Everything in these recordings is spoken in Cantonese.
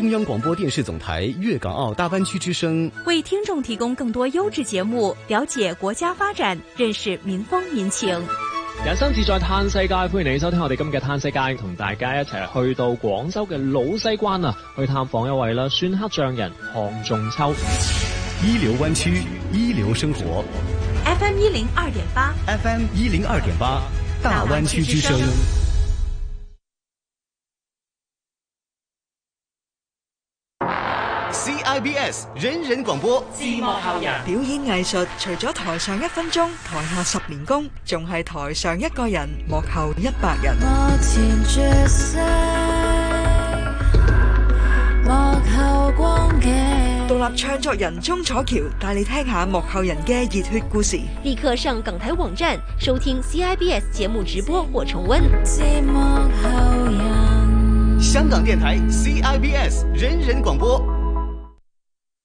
中央廣播電視總台粵港澳大灣區之聲，為聽眾提供更多優質節目，了解國家發展，認識民風民情。人生自在嘆世界，歡迎你收聽我哋今日嘅嘆世界，同大家一齊去到廣州嘅老西關啊，去探訪一位啦，酸黑匠人項仲秋。一流灣區，一流生活。FM 一零二點八，FM 一零二點八，大灣區之聲。I B S 人人廣播。字幕後人表演藝術，除咗台上一分鐘，台下十年功，仲係台上一個人，幕後一百人。幕前絕世，幕後光景。獨立唱作人鍾楚喬帶你聽下幕後人嘅熱血故事。立刻上港台網站收聽 C I B S 節目直播或重溫。字幕後人，香港電台 C I B S 人人廣播。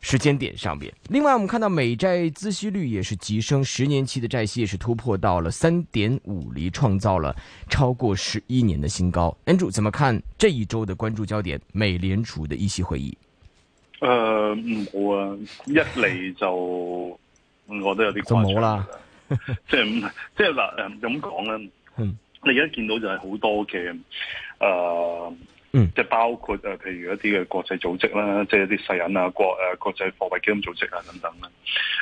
時間點上邊，另外我們看到美債孳息率也是急升，十年期的債息也是突破到了三點五厘，創造了超過十一年的新高。Andrew 怎麼看這一周的關注焦點——美聯儲的議息會議？呃，唔好啊，一嚟就 我都有啲誇張啦，即係唔係？即係嗱，咁講咧，你而家見到就係好多嘅，呃。嗯，即係包括誒，譬如一啲嘅國際組織啦，即係一啲世人啊，國誒國際貨幣基金組織啊等等啦、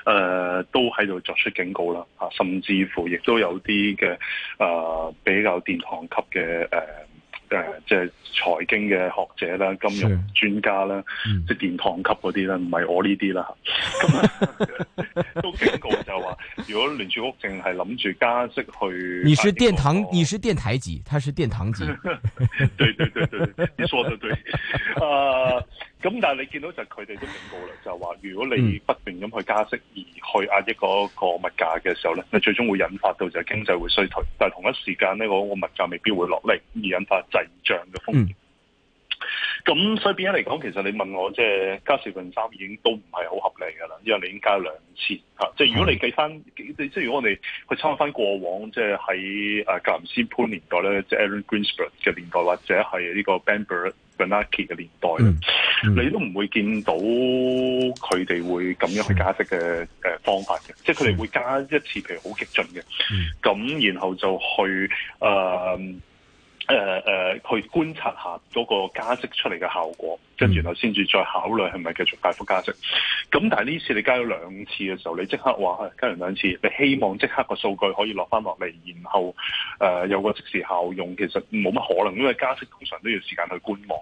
呃，都喺度作出警告啦，甚至乎亦都有啲嘅誒比較殿堂級嘅誒。呃即係財經嘅學者啦，金融專家啦、嗯，即係殿堂級嗰啲啦，唔係我呢啲啦咁啊， 都警告就話，如果聯儲局淨係諗住加息去電，你是殿堂，你是電台級，他是殿堂級。 對對對對，你說得對。啊、呃。咁但係你見到就係佢哋都警告啦，就係話如果你不斷咁去加息而去壓抑嗰個物價嘅時候咧，你最終會引發到就係經濟會衰退，但係同一時間咧，我個物價未必會落嚟，而引發滯脹嘅風險。嗯咁所以變咗嚟講，其實你問我即係加四分三已經都唔係好合理㗎啦，因為你已經加兩次即係、嗯、如果你計翻，即係如果我哋去參考翻過往，即係喺誒格林斯潘年代咧、嗯，即係 Alan Greenspan 嘅年代，或者係呢個 Ben Bernanke 嘅年代，嗯嗯、你都唔會見到佢哋會咁樣去加息嘅、呃嗯、方法嘅。即係佢哋會加一次，譬如好激進嘅，咁、嗯、然後就去誒。呃誒、呃、誒、呃，去觀察下嗰個加息出嚟嘅效果，跟、嗯、住後先至再考慮係咪繼續大幅加息。咁但係呢次你加咗兩次嘅時候，你即刻話加完兩次，你希望即刻個數據可以落翻落嚟，然後誒、呃、有個即時效用，其實冇乜可能，因為加息通常都要時間去觀望。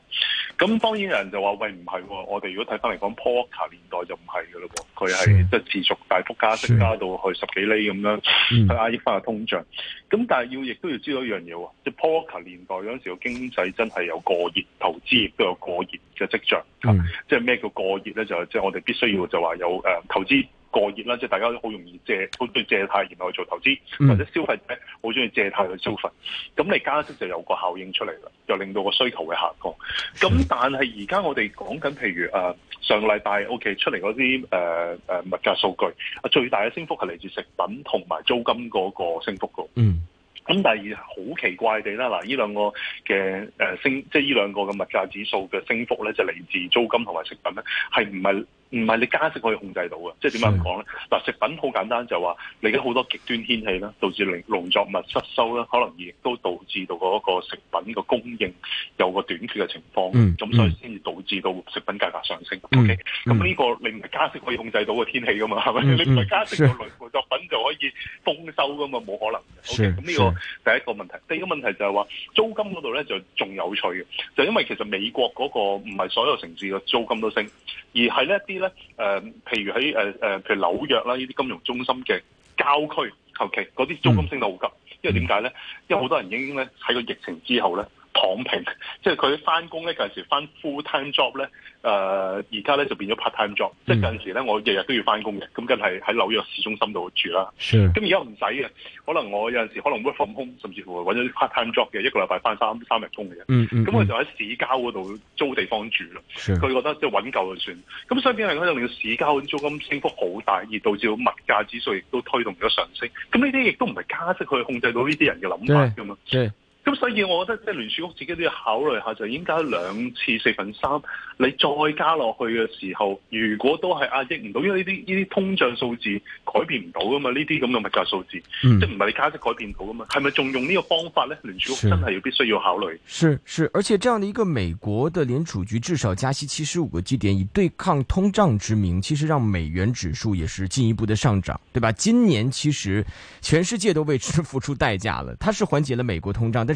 咁當然有人就話：喂，唔係、哦，我哋如果睇翻嚟講 Porker 年代就唔係㗎喎。佢係即係持續大幅加息，加到去十幾厘咁樣，去壓抑翻個通脹。咁但係要亦都要知道一樣嘢喎，即、就是、Porker 年。年代嗰陣時候，個經濟真係有過熱，投資亦都有過熱嘅跡象。嗯啊、即係咩叫過熱咧？就係即係我哋必須要就話有誒、呃、投資過熱啦。即係大家都好容易借，好中意借貸而去做投資、嗯，或者消費者好中意借貸去消費。咁你加息就有個效應出嚟啦，又令到個需求會下降。咁但係而家我哋講緊譬如誒、呃、上個禮拜 O、OK、K 出嚟嗰啲誒誒物價數據，啊，最大嘅升幅係嚟自食品同埋租金嗰個升幅噶。嗯。咁但係好奇怪地啦，嗱，呢兩個嘅誒升，即係呢兩個嘅物價指數嘅升幅咧，就嚟自租金同埋食品咧，係唔係？唔係你加息可以控制到嘅，即係點樣講咧？嗱，食品好簡單就係話，你而家好多極端天氣啦，導致農作物失收啦，可能亦都導致到嗰個食品嘅供應有個短缺嘅情況，咁、嗯、所以先至導致到食品價格上升。O K. 咁呢個你唔係加息可以控制到嘅天氣噶嘛？係、嗯、咪？ 你唔係加息個農作品就可以豐收噶嘛？冇、嗯、可能。O K. 咁呢個第一個問題。第二個問題就係話租金嗰度咧就仲有趣嘅，就因為其實美國嗰個唔係所有城市嘅租金都升，而係咧一啲。咧，誒，譬如喺誒誒，譬如紐約啦，呢啲金融中心嘅郊區，後期嗰啲租金升得好急，因為點解咧？因為好多人已經咧喺個疫情之後咧。躺平、呃嗯，即係佢翻工咧，有陣時翻 full time job 咧，誒而家咧就變咗 part time job，即係有陣時咧我日日都要翻工嘅，咁梗係喺紐約市中心度住啦。咁而家唔使嘅，可能我有陣時可能 work from home，甚至乎揾咗 part time job 嘅，一個禮拜翻三三日工嘅。咁、嗯嗯、我就喺市郊嗰度租地方住啦。佢覺得即係揾夠就算。咁所以邊係可能令到市郊租金升幅好大，而導致到物價指數亦都推動咗上升。咁呢啲亦都唔係加息去控制到呢啲人嘅諗法㗎嘛。咁所以，我覺得即係聯儲局自己都要考慮一下，就已經加兩次四分三，你再加落去嘅時候，如果都係壓抑唔到，因為呢啲呢啲通脹數字改變唔到噶嘛，呢啲咁嘅物價數字，嗯、即唔係你加息改變到噶嘛？係咪仲用呢個方法咧？聯儲局真係要必須要考慮。是是，是，而且這樣的，一個美國的聯儲局至少加息七十五個基點，以對抗通脹之名，其實讓美元指數也是進一步的上漲，對吧？今年其實全世界都為之付出代價了。它是緩解了美國通脹但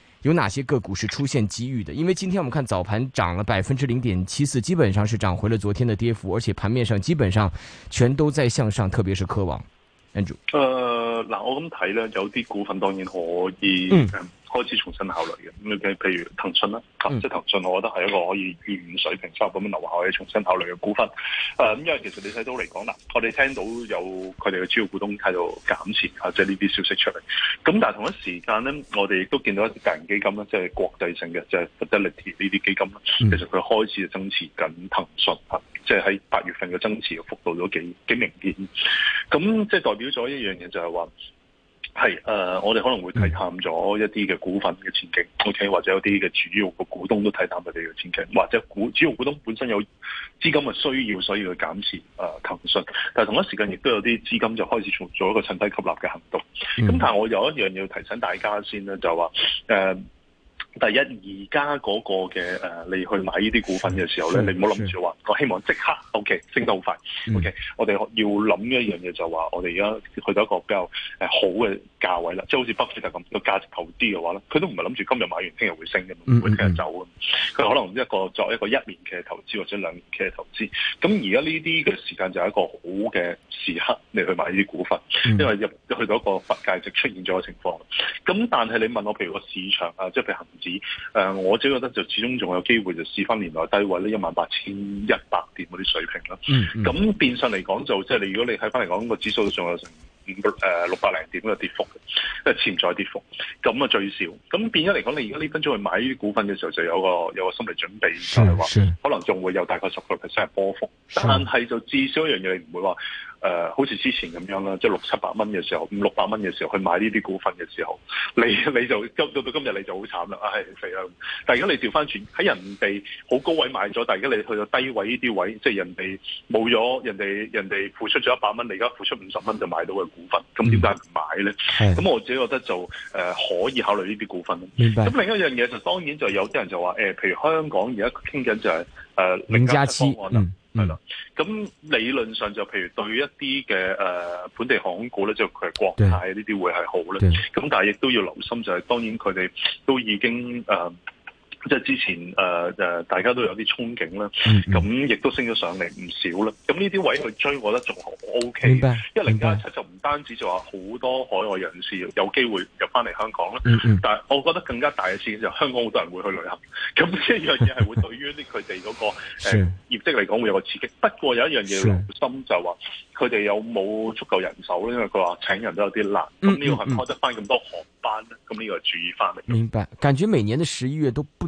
有哪些個股是出現機遇的？因為今天我們看早盤漲了百分之零點七四，基本上是漲回了昨天的跌幅，而且盤面上基本上全都在向上，特別是科網。呃，嗱，我咁睇呢，有啲股份當然可以。嗯開始重新考慮嘅咁，譬如譬如騰訊啦、嗯啊，即係騰訊，我覺得係一個可以現水平差咁樣留下可以重新考慮嘅股份。誒、啊，因為其實你睇到嚟講啦，我哋聽到有佢哋嘅主要股東喺度減持啊，即係呢啲消息出嚟。咁、啊、但係同一時間咧，我哋亦都見到一啲大型基金咧，即、就、係、是、國際性嘅，即係 Fidelity 呢啲基金咧、啊，其實佢開始就增持緊騰訊，即係喺八月份嘅增持嘅幅度都幾幾明顯。咁即係代表咗一樣嘢，就係話。係，誒、呃，我哋可能會睇淡咗一啲嘅股份嘅前景，OK，或者有啲嘅主要個股東都睇淡佢哋嘅前景，或者股主要股東本身有資金嘅需要，所以去減持誒、呃、騰訊。但係同一時間亦都有啲資金就開始做做一個趁低吸納嘅行動。咁、嗯、但係我有一樣要提醒大家先啦，就話、是、誒。呃第一，而家嗰個嘅誒，你去買呢啲股份嘅時候咧、嗯，你唔好諗住話，我希望即刻 O、okay, K. 升得好快。O K. 我哋要諗一樣嘢就話，我哋而家去到一個比較好嘅價位啦，即、就、係、是、好似北證咁個價值投資嘅話咧，佢都唔係諗住今日買完聽日會升嘅、嗯，會聽日走佢可能一個、嗯、作一個一年期嘅投資或者兩年期嘅投資。咁而家呢啲嘅時間就係一個好嘅時刻，你去買呢啲股份，嗯、因為入去到一個佛界值出現咗嘅情況。咁但係你問我，譬如個市場啊，即係譬如指誒、 嗯，我只覺得就始終仲有機會就試翻年內低位呢，一萬八千一百點嗰啲水平啦。咁變相嚟講，就即係你如果你睇翻嚟講個指數都仲有成五六百零點嘅跌幅，即係潛在跌幅，咁啊最少。咁變咗嚟講，你而家呢分鐘去買呢啲股份嘅時候，就有個有個心理準備，就係、是、話可能仲會有大概十個 percent 波幅。但係就至少一樣嘢，你唔會話誒、呃、好似之前咁樣啦，即係六七百蚊嘅時候，五六百蚊嘅時候去買呢啲股份嘅時候，你你就到到今日你就好慘啦。係、哎、肥啊！但係而家你調翻轉，喺人哋好高位買咗，但係而家你去到低位呢啲位，即、就、係、是、人哋冇咗，人哋人哋付出咗一百蚊，你而家付出五十蚊就買到股份咁點解唔買咧？咁、嗯、我自己覺得就誒、呃、可以考慮呢啲股份咯。咁另一樣嘢就當然就有啲人就話、呃、譬如香港而、就是呃、家傾緊就係誒零加息方案啦，係、嗯、咁、嗯、理論上就譬如對一啲嘅誒本地航空股咧，就佢、係、國泰呢啲會係好咧。咁但係亦都要留心就係、是，當然佢哋都已經誒。呃即係之前誒誒、呃，大家都有啲憧憬啦，咁、嗯、亦、嗯、都升咗上嚟唔少啦。咁呢啲位去追，我覺得仲 OK。明白，零加七就唔單止就話好多海外人士有機會入翻嚟香港啦、嗯嗯。但係我覺得更加大嘅事件就香港好多人會去旅行。咁、嗯、呢、嗯、一樣嘢係會對於呢佢哋嗰個誒、呃、業績嚟講會有個刺激。不過有一樣嘢留心就話，佢哋有冇足夠人手咧？因為佢話請人都有啲難。咁、嗯、呢、嗯、個係開得翻咁多航班咧？咁、嗯、呢、嗯這個注意翻嚟。明白。感覺每年的十一月都不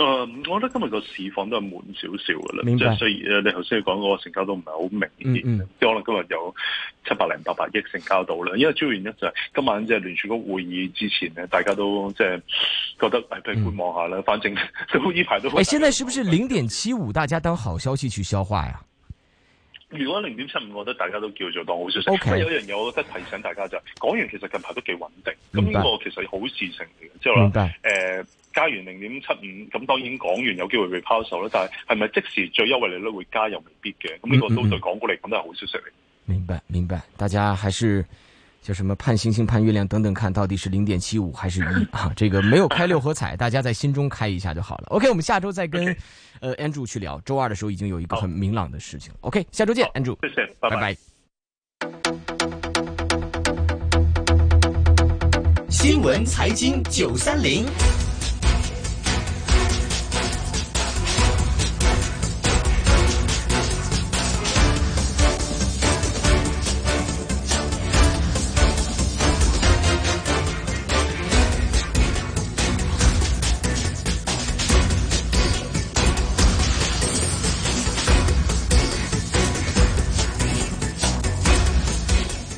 誒、呃，我覺得今日個市況都係滿少少噶啦，即係雖然誒，你頭先講嗰個成交都唔係好明顯，即、嗯、係、嗯、可能今日有七百零八百億成交到啦。因為做完一就是，今晚即係聯儲局會議之前咧，大家都即係覺得誒，不如觀望下啦。反正呢排都誒，現在是不是零點七五？大家當好消息去消化呀，啊？如果零點七五，我覺得大家都叫做當好消息。不，okay、過有樣嘢，我覺得提醒大家就是，港元其實近排都幾穩定，咁呢個其實是好事性嚟嘅。之後誒。加完零點七五，咁當然港元有機會被拋售啦，但係係咪即時最優惠利率會加又未必嘅，咁、嗯、呢、嗯嗯這個對都在講過嚟，咁都係好消息嚟。明白明白，大家還是叫什麼盼星星盼月亮等等，看到底是零點七五還是一？ 啊，這個沒有開六合彩， 大家在心中開一下就好了。OK，我們下周再跟、okay. 呃，呃 Andrew 去聊，周二的時候已經有一個很明朗的事情。OK，下周見 Andrew，謝謝拜拜，拜拜。新聞財經九三零。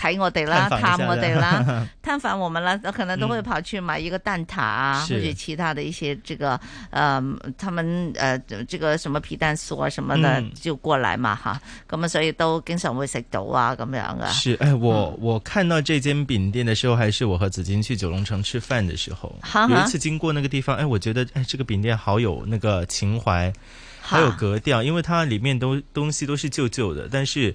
睇我哋啦，探我哋啦，探訪我們啦，可能都會跑去買一個蛋撻啊、嗯，或者其他的一些這個呃，他們呃，這個什麼皮蛋酥啊什麼的，就過來嘛、嗯、哈。咁啊，所以都經常會食到啊，咁樣啊。是，哎，我我看到這間餅店的時候、嗯，還是我和子金去九龍城吃飯的時候哈哈，有一次經過那個地方，哎，我覺得哎，這個餅店好有那個情懷，好有格調，因為它裏面都東西都是舊舊的，但是。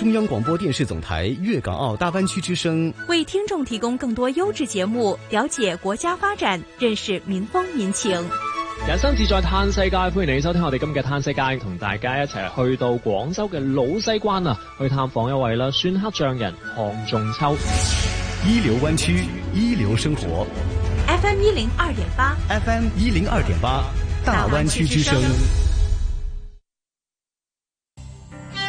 中央廣播電視總台粵港澳大灣區之聲，為聽眾提供更多優質節目，了解國家發展，認識民風民情。人生自在歎世界，歡迎你收聽我哋今日嘅歎世界，同大家一齊去到廣州嘅老西關啊，去探訪一位啦，孫黑匠人項仲秋。一流灣區，一流生活。FM 一零二點八，FM 一零二點八，大灣區之聲。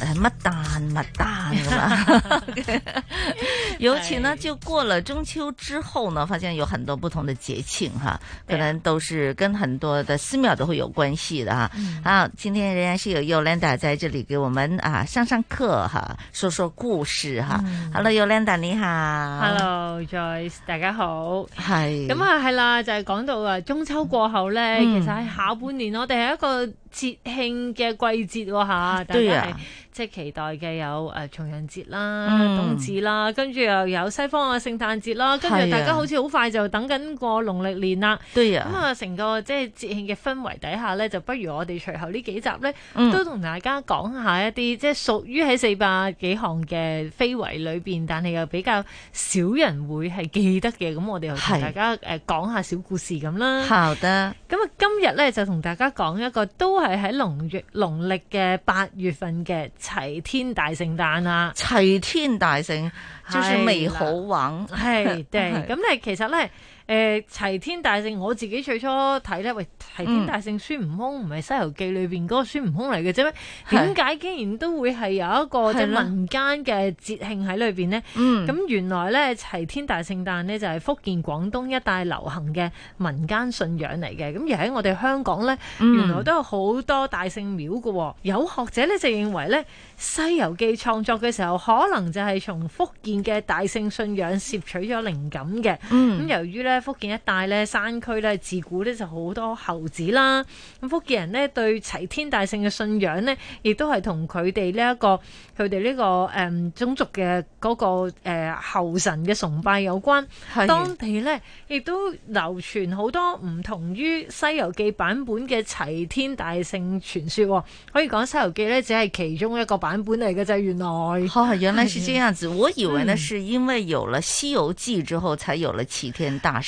哎，乜誕乜誕， 尤其呢，就過了中秋之後呢，發現有很多不同的節慶哈，可能都是跟很多的寺廟都會有關係的哈。啊、嗯，今天仍然是有 Yolanda 在這裏給我們啊上上課哈、啊，說說故事哈、啊。嗯、Hello，Yolanda，你好。Hello，Joyce，大家好。係。咁、嗯、啊，係啦，就係、是、講到啊，中秋過後咧、嗯，其實喺下半年，我哋係一個。節慶嘅季節吓，大家是對、啊、即係期待嘅有誒重陽節啦、冬至啦，跟住又有西方嘅聖誕節啦，跟住大家好似好快就等緊過農曆年啦。對咁啊成個即係節慶嘅氛圍底下呢，就不如我哋隨後呢幾集呢，都同大家講下一啲即係屬於喺四百幾項嘅非遺裏邊，但係又比較少人會係記得嘅，咁我哋同大家誒講下小故事咁啦。好的，咁啊今日呢就同大家講一個都係。係喺農月農曆嘅八月份嘅齊天大聖誕啊！齊天大聖係就算未好玩，係嘅。咁 咧，其實咧。誒、呃、齊天大聖我自己最初睇咧，喂，齊天大聖孫悟空唔係《西遊記》裏邊嗰個孫悟空嚟嘅啫咩？點、嗯、解竟然都會係有一個即民間嘅節慶喺裏邊咧？咁、嗯、原來咧齊天大聖誕咧就係、是、福建、廣東一帶流行嘅民間信仰嚟嘅。咁而喺我哋香港咧、嗯，原來都有好多大聖廟嘅、哦。有學者咧就認為咧，《西遊記》創作嘅時候可能就係從福建嘅大聖信仰攝取咗靈感嘅。咁、嗯、由於咧。福建一帶咧，山區咧，自古咧就好多猴子啦。咁福建人咧對齊天大聖嘅信仰咧，亦都係同佢哋呢一個佢哋呢個誒、嗯、種族嘅嗰、那個誒猴、呃、神嘅崇拜有關。當地咧亦都流傳好多唔同於《西遊記》版本嘅齊天大聖傳說。可以講《西遊記》咧，只係其中一個版本嚟嘅啫。原來，哦，原來是這樣子。我以為呢，是因為有了《西遊記》之後，才有了齊天大聖。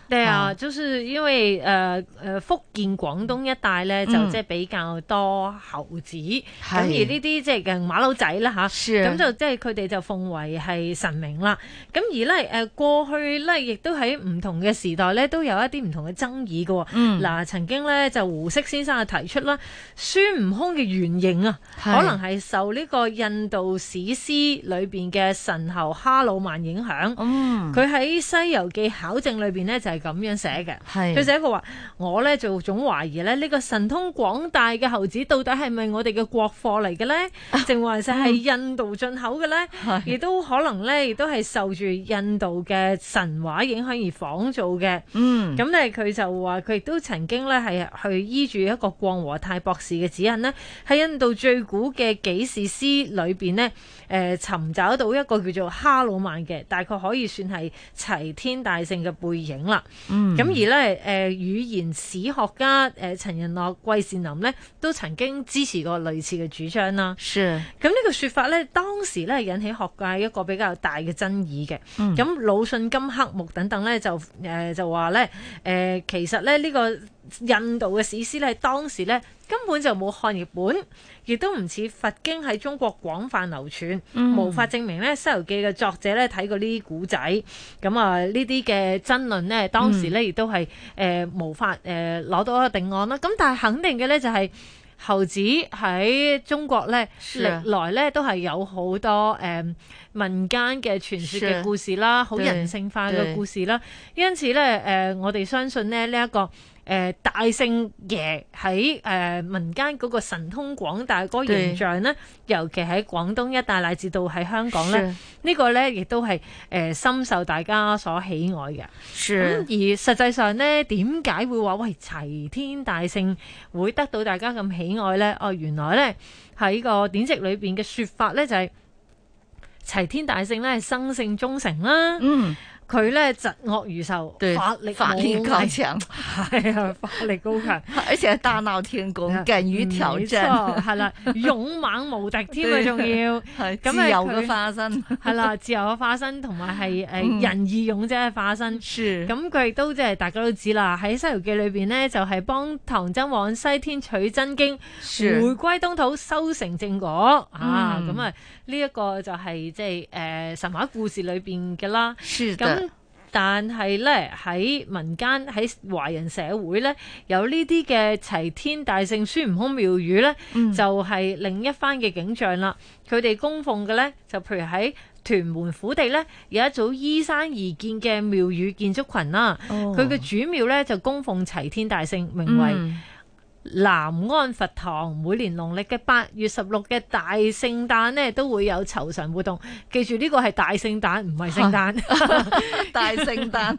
對啊，就是因為、呃呃、福建廣東一帶咧、嗯，就即係比較多猴子，咁、嗯、而呢啲即係嘅馬騮仔啦吓，咁、啊、就即係佢哋就奉為係神明啦。咁而咧誒過去咧亦都喺唔同嘅時代咧都有一啲唔同嘅爭議嘅、哦。嗱、嗯啊、曾經咧就胡適先生啊提出啦，孫悟空嘅原型啊可能係受呢個印度史詩裏面嘅神猴哈魯曼影響。佢、嗯、喺《西遊記》考證裏面咧就係、是。咁樣寫嘅，佢寫一個話，我咧就總懷疑咧，呢、這個神通廣大嘅猴子到底係咪我哋嘅國貨嚟嘅呢？定話就係印度進口嘅呢？亦、啊嗯、都可能咧，亦都係受住印度嘅神話影響而仿造嘅。嗯，咁咧佢就話佢亦都曾經咧係去依住一個鋼和泰博士嘅指引呢，喺印度最古嘅紀事詩裏面呢、呃，尋找到一個叫做哈魯曼嘅，大概可以算係齊天大聖嘅背影啦。嗯，咁而咧，誒語言史學家誒陳仁樂、季善林咧，都曾經支持過類似嘅主張啦。是。咁呢個說法咧，當時咧引起學界一個比較大嘅爭議嘅。咁魯迅、老信金克木等等咧，就誒就話咧，誒其實咧、這、呢個。印度嘅史詩咧，當時咧根本就冇漢譯本，亦都唔似佛經喺中國廣泛流傳、嗯，無法證明咧《西遊記》嘅作者咧睇過呢啲古仔。咁啊，呢啲嘅爭論呢，當時咧亦、嗯、都係誒、呃、無法誒攞、呃、到一個定案啦。咁但係肯定嘅咧，就係、是、猴子喺中國咧，歷來咧都係有好多誒、呃、民間嘅傳說嘅故事啦，好人性化嘅故事啦。因此咧，誒、呃、我哋相信呢一、這個。誒、呃，大聖爺喺誒民間嗰個神通廣大嗰個形象，尤其喺廣東一帶乃至到喺香港呢呢、這個呢亦都係誒、呃、深受大家所喜愛嘅。咁、嗯、而實際上呢，點解會話喂齊天大聖會得到大家咁喜愛呢？哦、呃，原來呢，喺個典籍裏邊嘅說法呢，就係、是、齊天大聖呢係生性忠誠啦。嗯佢咧疾惡如仇，法力法力高強，係啊，法力高強，而且大鬧天宮，敢於挑戰，係啦，勇猛無敵添啊，仲 要，係自由嘅化身，係 啦，自由嘅化身，同埋係誒仁義勇者嘅化身，咁佢亦都即係大家都知啦，喺《西遊記》裏邊呢，就係、是、幫唐僧往西天取真經，回歸東土修成正果、嗯、啊！咁啊呢一個就係即係誒神話故事裏邊嘅啦，咁。但係咧，喺民間，喺華人社會咧有呢啲嘅齊天大聖孫悟空廟宇咧，就係、是、另一番嘅景象啦。佢哋供奉嘅咧，就譬如喺屯門虎地咧有一組依山而建嘅廟宇建築群啦、啊。佢、哦、嘅主廟咧就供奉齊天大聖，名為，名、嗯、為。嗯南安佛堂每年農曆嘅八月十六嘅大聖誕呢，都會有酬神活動。記住呢個係大聖誕，唔係聖誕， 大聖誕。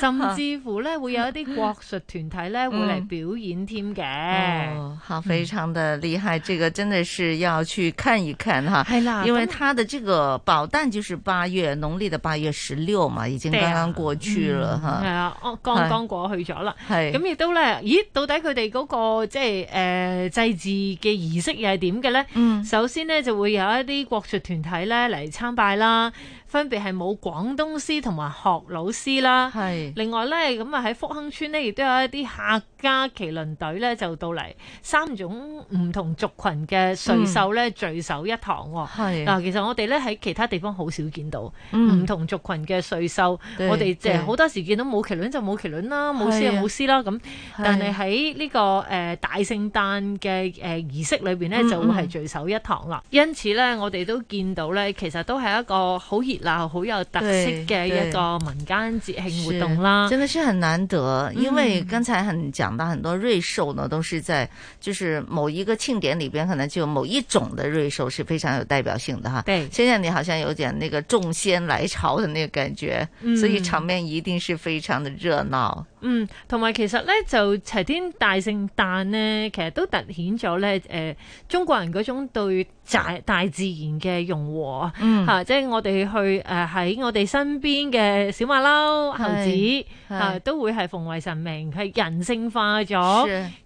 甚至乎呢會有一啲國術團體呢、嗯、會嚟表演添嘅、哦。好，非常的厲害、嗯，這個真的是要去看一看哈、嗯。因為他的這個寶誕就是八月農曆的八月十六嘛，已經剛剛過去了哈。剛、嗯、剛、嗯啊、過去了。咁亦、嗯、都呢，咦，到底佢哋嗰、那個即係誒、呃、祭祀嘅儀式又係點嘅咧？嗯，首先咧就會有一啲國術團體咧嚟參拜啦。分別係冇廣東獅同埋學佬獅啦，係。另外咧，咁啊喺福亨村咧，亦都有一啲客家麒麟隊咧就到嚟，三種唔同族群嘅瑞獸咧聚首一堂喎、哦。係嗱、啊，其實我哋咧喺其他地方好少見到唔、嗯、同族群嘅瑞獸，我哋即係好多時見到冇麒麟就冇麒麟啦，冇獅就冇獅啦咁、啊。但係喺呢個誒大聖誕嘅誒儀式裏邊咧、啊，就會係聚首一堂啦、啊。因此咧，我哋都見到咧，其實都係一個好嗱，好有特色嘅一個民間節慶活動啦，真的是很難得。因為剛才很講到、嗯，很多瑞獸呢，都是在就是某一個慶典裏邊，可能就有某一種的瑞獸是非常有代表性的哈。對，現在你好像有點那個眾仙來朝的那個感覺、嗯，所以場面一定是非常的熱鬧。嗯，同埋其實咧，就齊天大聖誕咧，其實都凸顯咗咧，誒、呃，中國人嗰種對大大自然嘅融合，嗯，吓、啊，即係我哋去。佢誒喺我哋身邊嘅小馬騮猴子啊、呃、都會係奉為神明，係人性化咗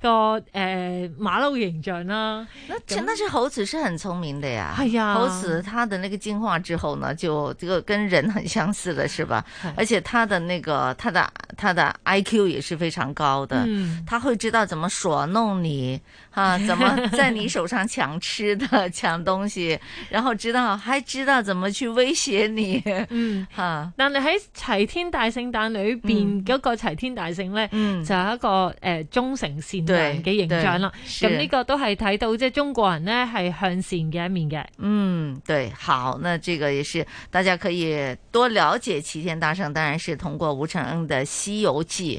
個誒馬騮形象啦、啊。嗱，但係猴子是很聰明的呀，係呀，猴子它的那個進化之後呢，就就跟人很相似的，是吧？是而且它的那個它的它的 I Q 也是非常高的，它、嗯、會知道怎麼耍弄你，嚇、啊，怎麼在你手上搶吃的、 搶東西，然後知道還知道怎麼去威脅你。嗯，吓，但係喺齊天大聖誕裏邊嗰、嗯，那個齊天大聖咧、嗯，就係一個誒、呃、忠誠善良嘅形象咯。咁呢個都係睇到即係、就是、中國人咧係向善嘅一面嘅。嗯，對，好，那這個也是大家可以多了解齊天大聖，當然是通過吳承恩的《西遊記》。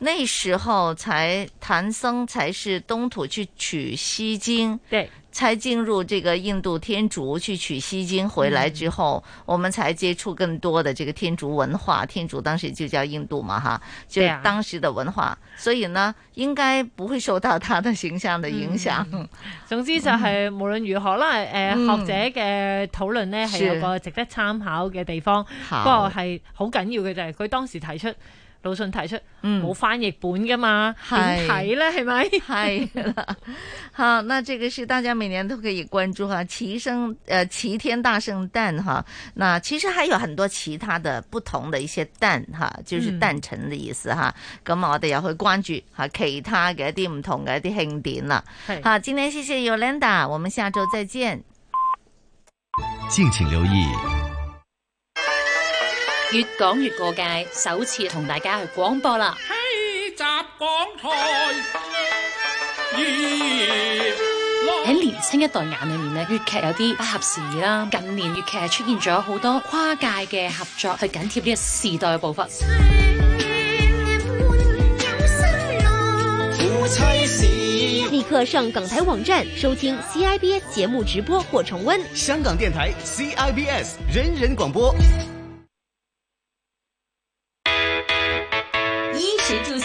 那時候才唐僧才是東土去取西經，對，才進入這個印度天竺去取西經回來之後、嗯，我們才接觸更多的這個天竺文化。天竺當時就叫印度嘛，哈，就是當時的文化、啊。所以呢，應該不會受到他的形象的影響。嗯、總之，就係無論如何啦，誒、嗯呃，學者嘅討論呢係、嗯、有個值得參考嘅地方。不過係好緊要嘅就係、是、佢當時提出。魯迅提出冇翻譯本噶嘛，點睇咧？係咪？係啦，好，那這個是大家每年都可以關注下齊生，誒，齊、呃、天大聖誕哈。那其實還有很多其他的不同的一些誕哈，就是誕辰的意思、嗯啊、會哈。咁啊，我哋又去關注下其他嘅一啲唔同嘅一啲慶典啦。係，好，今天謝謝 Yolanda，我們下周再見。敬請留意。越講越過界，首次同大家去廣播啦！喺年輕一代眼裏面呢，粵劇有啲不合時啦。近年粵劇出現咗好多跨界嘅合作，去緊貼呢個時代嘅步伐。立刻上港台網站收聽 CIBS 節目直播或重溫。香港電台 CIBS 人人廣播。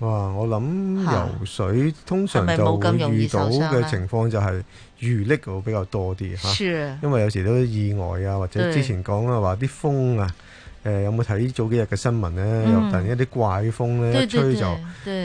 哇！我諗游水通常就會遇到嘅情況就係遇溺會比較多啲吓，因為有時都意外啊，或者之前講啊話啲風啊。誒、呃、有冇睇早幾日嘅新聞咧？又、嗯、突然一啲怪風咧，一吹就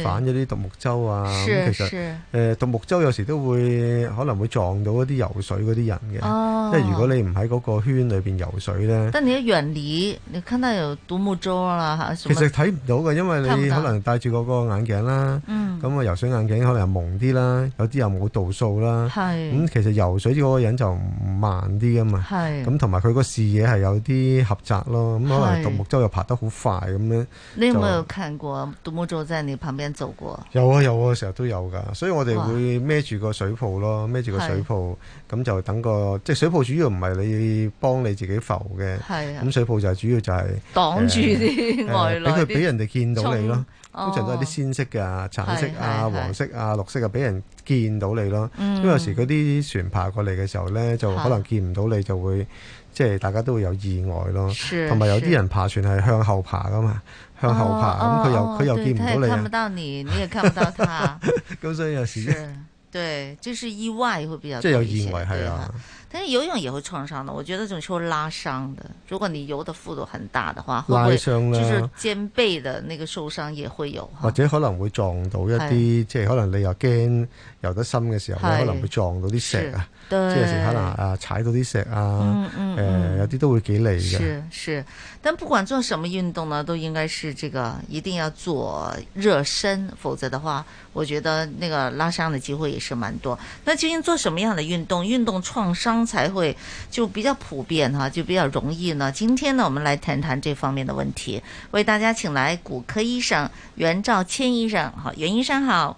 反咗啲獨木舟啊！嗯、其實誒、呃、獨木舟有時都會可能會撞到嗰啲游水嗰啲人嘅，即、哦、係如果你唔喺嗰個圈裏邊游水咧。但你一遠離，你肯定有獨木舟啦嚇。其實睇唔到嘅，因為你可能戴住嗰個眼鏡啦，咁啊游水眼鏡可能又朦啲啦，有啲又冇度數啦。咁、嗯，其實游水嗰個人就慢啲啊嘛。咁，同埋佢個視野係有啲狹窄咯。咁、嗯、啊～獨木舟又爬得好快咁咧，你有冇有看過獨木舟在你旁邊走過？有啊有啊，成日都有噶，所以我哋會孭住個水泡咯，孭住個水泡，咁就等個即係水泡主要唔係你幫你自己浮嘅，咁、啊、水泡就係主要就係、是、擋、啊嗯、住啲外來的，俾佢俾人哋見到你咯。哦、通常都係啲鮮色噶，橙色啊，是是是色，啊是是色啊、黃色啊、是是綠色啊，俾人見到你咯。嗯、因為有時嗰啲船爬過嚟嘅時候咧，就可能見唔到你就會。即係大家都會有意外咯，同埋有啲人爬船係向後爬㗎嘛，向後爬咁佢、哦、又佢、哦、又見唔到你，啊，看不到你， 你也看不到他。咁 所以有時是對，就是意外會比較即係，就是，有意外係啊。但係游泳也會創傷的，我覺得仲有拉傷的。如果你游的幅度很大的話，拉傷啦，會會就是肩背的那個受傷也會有，啊。或者可能會撞到一啲，即係可能你又驚游得深嘅時候，可能會撞到啲石啊。對，即係有時可能啊踩到啲石啊，誒、嗯嗯呃、有啲都會幾累嘅。是是，但不管做什麼運動呢，都應該是這個一定要做熱身，否則的話，我覺得那個拉傷的機會也是蠻多。那究竟做什麼樣的運動，運動創傷才會就比較普遍哈、啊，就比較容易呢？今天呢，我們來談談這方面的問題，為大家請來骨科醫生袁劭謙醫生，好，袁醫生好。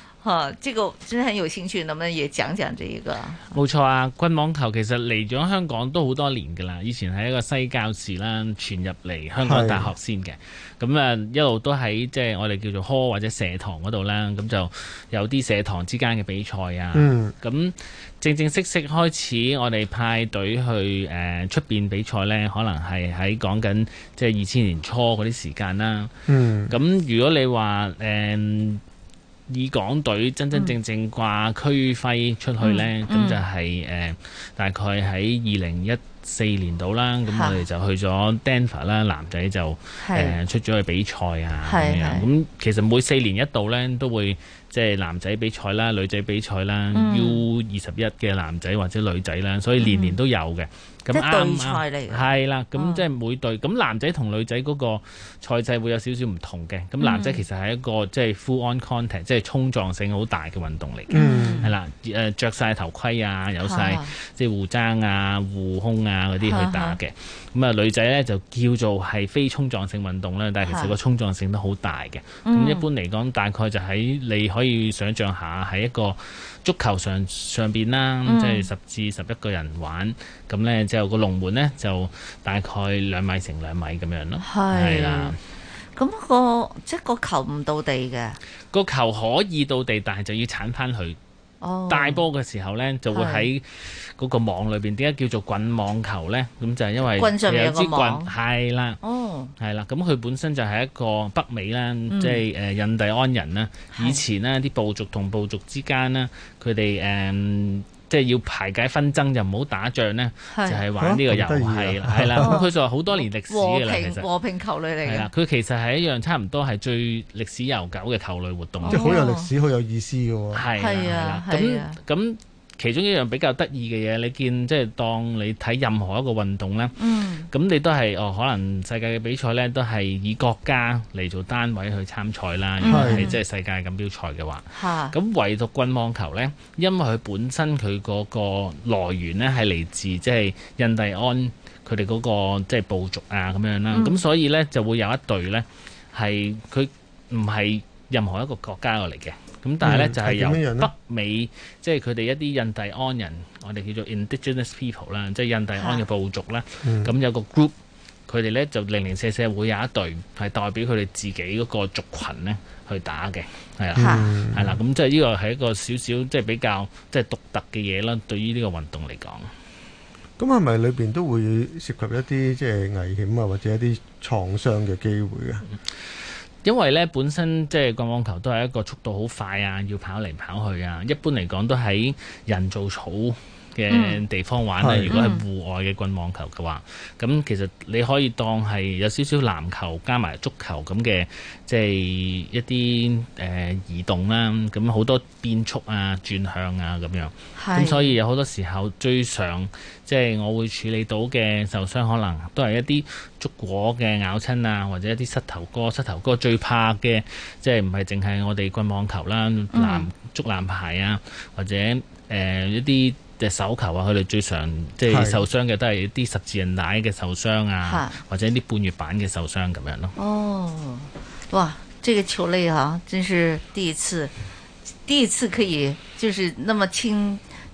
哦，這個真係很有興趣，能不能也講講這一個？冇錯啊，棍網球其實嚟咗香港都好多年噶啦，以前係一個西教士，啦，傳入嚟香港大學先嘅。咁啊，一路都喺即係我哋叫做科或者社堂嗰度啦，咁就有啲社堂之間嘅比賽啊。咁、嗯、正正式式開始我哋派隊去誒、呃、出面比賽呢，可能係喺講緊即係二千年初嗰啲時間啦。嗯，咁如果你話誒。呃以港隊真真正正掛區徽出去呢，咁、嗯、就係、是、誒、嗯呃、大概喺二零一四年度啦，咁、嗯、我哋就去咗 Denver 啦，男仔就誒出咗去比賽啊咁樣。咁其實每四年一度呢，都會。即係男仔比賽啦，女仔比賽啦，U 二十一嘅男仔或者女仔啦，所以年年都有嘅。咁啱係啦，咁即係每隊。咁男仔同女仔嗰個賽制會有少少唔同嘅。咁男仔其實係一個即係 full on contact，即係衝撞性好大嘅運動嚟嘅。係、嗯、啦，誒着曬頭盔啊，有曬即係護踭啊、護、嗯、胸啊嗰啲去打嘅。嗯嗯嗯嗯咁啊，女仔咧就叫做係非衝撞性運動啦，但係其實個衝撞性都好大嘅。咁、嗯、一般嚟講，大概就喺你可以想像下喺一個足球上上邊啦，即係十至十一個人玩，咁咧就個龍門咧就大概兩米乘兩米咁樣咯。係啦，咁、嗰個即係個球唔到地嘅，個球可以到地，但係就要鏟翻去。Oh, 大波嘅時候呢，就會喺嗰個網裏邊。點解叫做滾網球呢？咁就係因為有支棍，係啦，係啦。咁、oh. 佢本身就係一個北美啦，即係印第安人啦。Mm. 以前呢啲部族同部族之間呢，佢哋誒。Um, 即係要排解紛爭就唔好打仗咧，是就係玩呢個遊戲啦，係啦、啊。咁佢就話好多年歷史嘅啦，平其實和平和平球類嚟。係啦，佢其實係一樣差唔多係最歷史悠久嘅球類活動。即係好有歷史，好有意思嘅喎。係啊，咁咁。其中一樣比較得意嘅嘢，你見即係、就是、當你睇任何一個運動咧，咁、嗯、你都係哦、呃，可能世界嘅比賽呢，都係以國家嚟做單位去參賽啦、嗯，如果係即係世界錦標賽嘅話。咁、嗯、唯獨棍網球呢，因為佢本身佢嗰個來源呢，係嚟自即係印第安佢哋嗰個即係、就是、部族啊咁樣啦。咁、嗯、所以呢，就會有一隊呢，係佢唔係任何一個國家嚟嘅。咁但係咧就係由北美，嗯、即係佢哋一啲印第安人，我哋叫做 Indigenous people 啦，即係印第安嘅部族啦。咁、啊嗯嗯、有個 group，佢哋咧就零零舍舍會有一隊係代表佢哋自己嗰個族群咧去打嘅，係啦，係啦、啊。咁即係呢個係一個少少即係比較即係獨特嘅嘢啦，對於呢個運動嚟講。咁係咪裏邊都會涉及一啲即係危險啊，或者一啲創傷嘅機會啊？嗯因為咧，本身即係個網球都係一個速度好快啊，要跑嚟跑去啊，一般嚟講都喺人造草嘅、嗯、地方玩咧，如果係戶外嘅棍網球嘅話，咁、嗯、其實你可以當係有少少籃球加埋足球咁嘅，即、就、係、是、一啲誒、呃、移動啦，咁好多變速啊、轉向啊咁樣，咁所以有好多時候最常，即、就、係、是、我會處理到嘅受傷可能都係一啲足踝嘅咬親啊，或者一啲膝頭哥、膝頭哥。最怕嘅即係唔係淨係我哋棍網球啦、籃、足籃排啊、嗯，或者誒、呃、一啲。隻手球啊，佢哋最常即係受傷嘅都係啲十字韌帶嘅受傷啊，或者一啲半月板嘅受傷咁樣咯。哦，哇，這個球類啊，真是第一次，第一次可以就是那麼輕。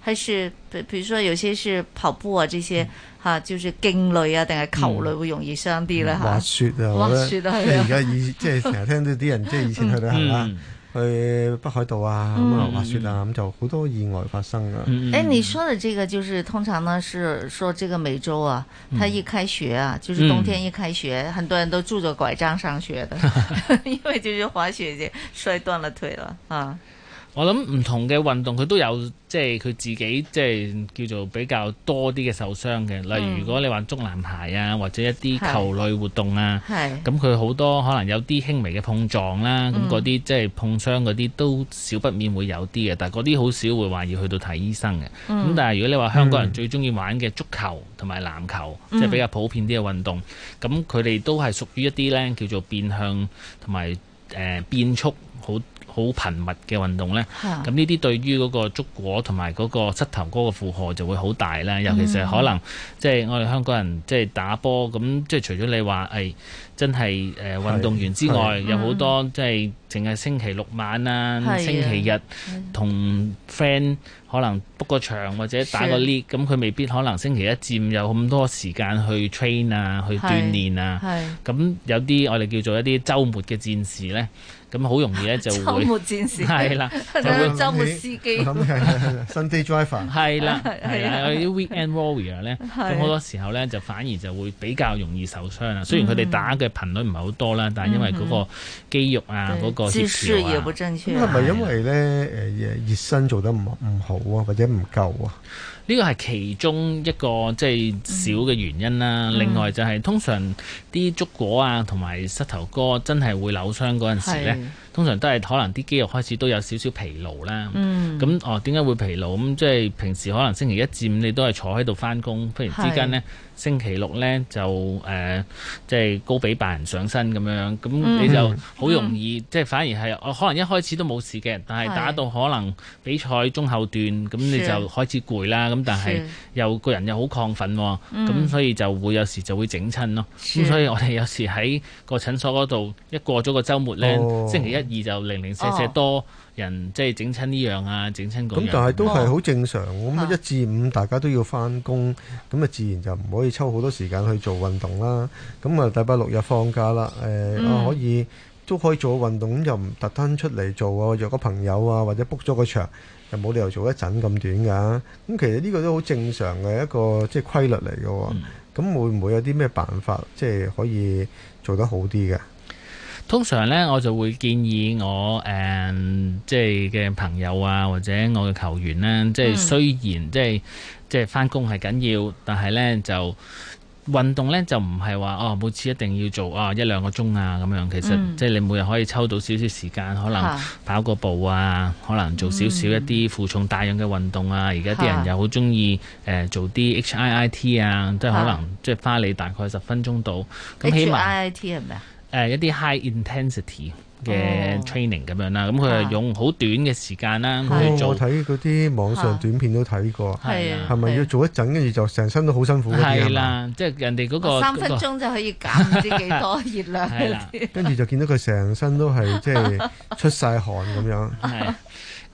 還是比，比如說有些是跑步啊，這些吓、嗯啊，就是徑類啊，定係球類會容易傷啲啦，滑雪啊，啊，滑雪啊，而家以即係成日聽到啲人即係以前去旅行啊、嗯，去北海道啊咁、嗯、啊滑雪啊，咁就好多意外發生啊。哎、嗯嗯欸、你說的這個就是通常呢，是說這個美洲啊，他一開學啊，就是冬天一開學、嗯，很多人都拄着拐杖上學的， 因為就是滑雪去摔斷了腿了啊。我諗唔同嘅運動佢都有，即係佢自己即係叫做比較多啲嘅受傷嘅。例如如果你話足籃鞋啊，或者一啲球類活動啊，咁佢好多可能有啲輕微嘅碰撞啦，咁嗰啲即係碰傷嗰啲都少不免會有啲嘅。但嗰啲好少會話要去到睇醫生嘅。咁、嗯、但係如果你話香港人最鍾意玩嘅足球同埋籃球，嗯、即係比較普遍啲嘅運動，咁佢哋都係屬於一啲咧叫做變向同埋誒變速好好頻密嘅運動呢，咁呢啲對於嗰個足踝同埋嗰個膝頭哥嘅負荷就會好大啦，尤其是可能即係我哋香港人即係打波，咁即係除咗你話誒真係誒，運動員之外，係係有好多、嗯、即係淨係星期六晚啊、星期日同 friend 可能 book 個場或者打個 lift，咁佢未必可能星期一占有咁多時間去 train 啊、去鍛煉啊。咁有啲我哋叫做一啲周末嘅戰士咧，咁好容易咧就會週末戰士係啦，就 會周想 末司機 Sunday driver 係啦，係啦，有啲 weekend warrior 咧，咁好多時候咧就反而就會比較容易受傷啊。雖然佢哋打嘅、嗯。頻率唔係好多啦，但係因為嗰個肌肉啊，嗯那個啊，個，姿勢也不正確，啊，咁係咪因為咧誒熱身做得唔唔好啊，或者唔夠啊？呢個係其中一個即係少嘅原因啦，嗯。另外就係、是嗯、通常啲足踝啊同埋膝頭哥真係會扭傷嗰陣時咧，通常都係可能啲肌肉開始都有少少疲勞啦。咁、嗯、哦點解會疲勞，咁即係平時可能星期一至五你都係坐喺度翻工，忽然之間咧星期六咧就誒即係高比拜仁上身咁樣，咁你就好容易即係、嗯就是、反而係、嗯、可能一開始都冇事嘅，但係打到可能比賽中後段咁你就開始攰啦。咁但係又個人又好亢奮，咁、嗯、所以就會有時就會整親咯。咁、嗯、所以我哋有時喺個診所嗰度，一過咗個週末呢，哦、星期一二就零零舍舍多人，即係整親呢樣啊，整親嗰樣、啊。咁、嗯、但係都係好正常。咁、哦、一至五大家都要返工，咁啊、哦、自然就唔可以抽好多時間去做運動啦。咁啊，禮拜六日放假啦，誒、呃嗯啊、可以都可以做運動，咁又唔特登出嚟做啊，約個朋友啊，或者 book 咗個場。又冇理由做一陣咁短㗎，咁其實呢個都好正常嘅一個即係規律嚟嘅喎。咁會唔會有啲咩辦法即係可以做得好啲嘅？通常呢，我就會建議我誒、嗯、即係嘅朋友啊，或者我嘅球員咧，即係雖然、嗯、即係即係返工係緊要，但係呢就。運動呢就唔係話哦，每次一定要做啊、哦、一兩個鐘啊咁樣。其實、嗯、即係你每日可以抽到少少時間，可能跑個步啊，啊，可能做少少一啲負重帶氧嘅運動啊。而家啲人又好中意做啲 HIIT 啊，即可能即、啊就是、花你大概十分鐘到。咁起碼 HIIT 係咩啊、呃？一啲 high intensity。嘅 training，咁樣啦，咁佢係用好短嘅時間啦去做。我睇嗰啲網上短片都睇過，係咪要做一陣跟住就成身都好辛苦嗰啲係嘛？即係人哋嗰個三分鐘就可以減唔知幾多熱量嗰啲，跟住就見到佢成身都係即係出晒汗咁樣。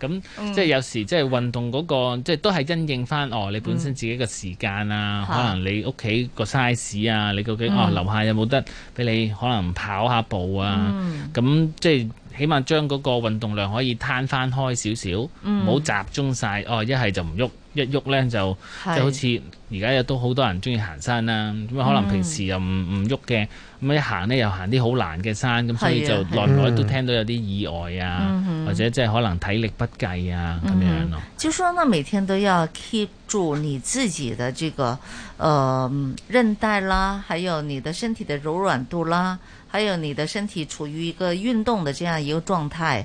咁、嗯、即係有時即係運動嗰、個即係都係因應翻哦，你本身自己嘅時間啊、嗯，可能你屋企個 size 啊，你究竟、嗯、哦樓下有冇得俾你可能跑下步啊？咁、嗯、即係起碼將嗰個運動量可以攤翻開少少，唔、嗯、好集中晒哦，一係就唔喐。一喐咧就即係好似而家又都好多人中意行山啦、啊，咁啊可能平時又唔唔喐嘅，咁、嗯、一行咧又行啲好難嘅山，咁所以就耐耐都聽到有啲意外啊，嗯、或者即係可能體力不繼啊咁、嗯、樣咯、啊。就說呢，每天都要 keep 住你自己的這個呃韌帶啦，還有你的身體的柔軟度啦，還有你的身體處於一個運動的這樣一個狀態。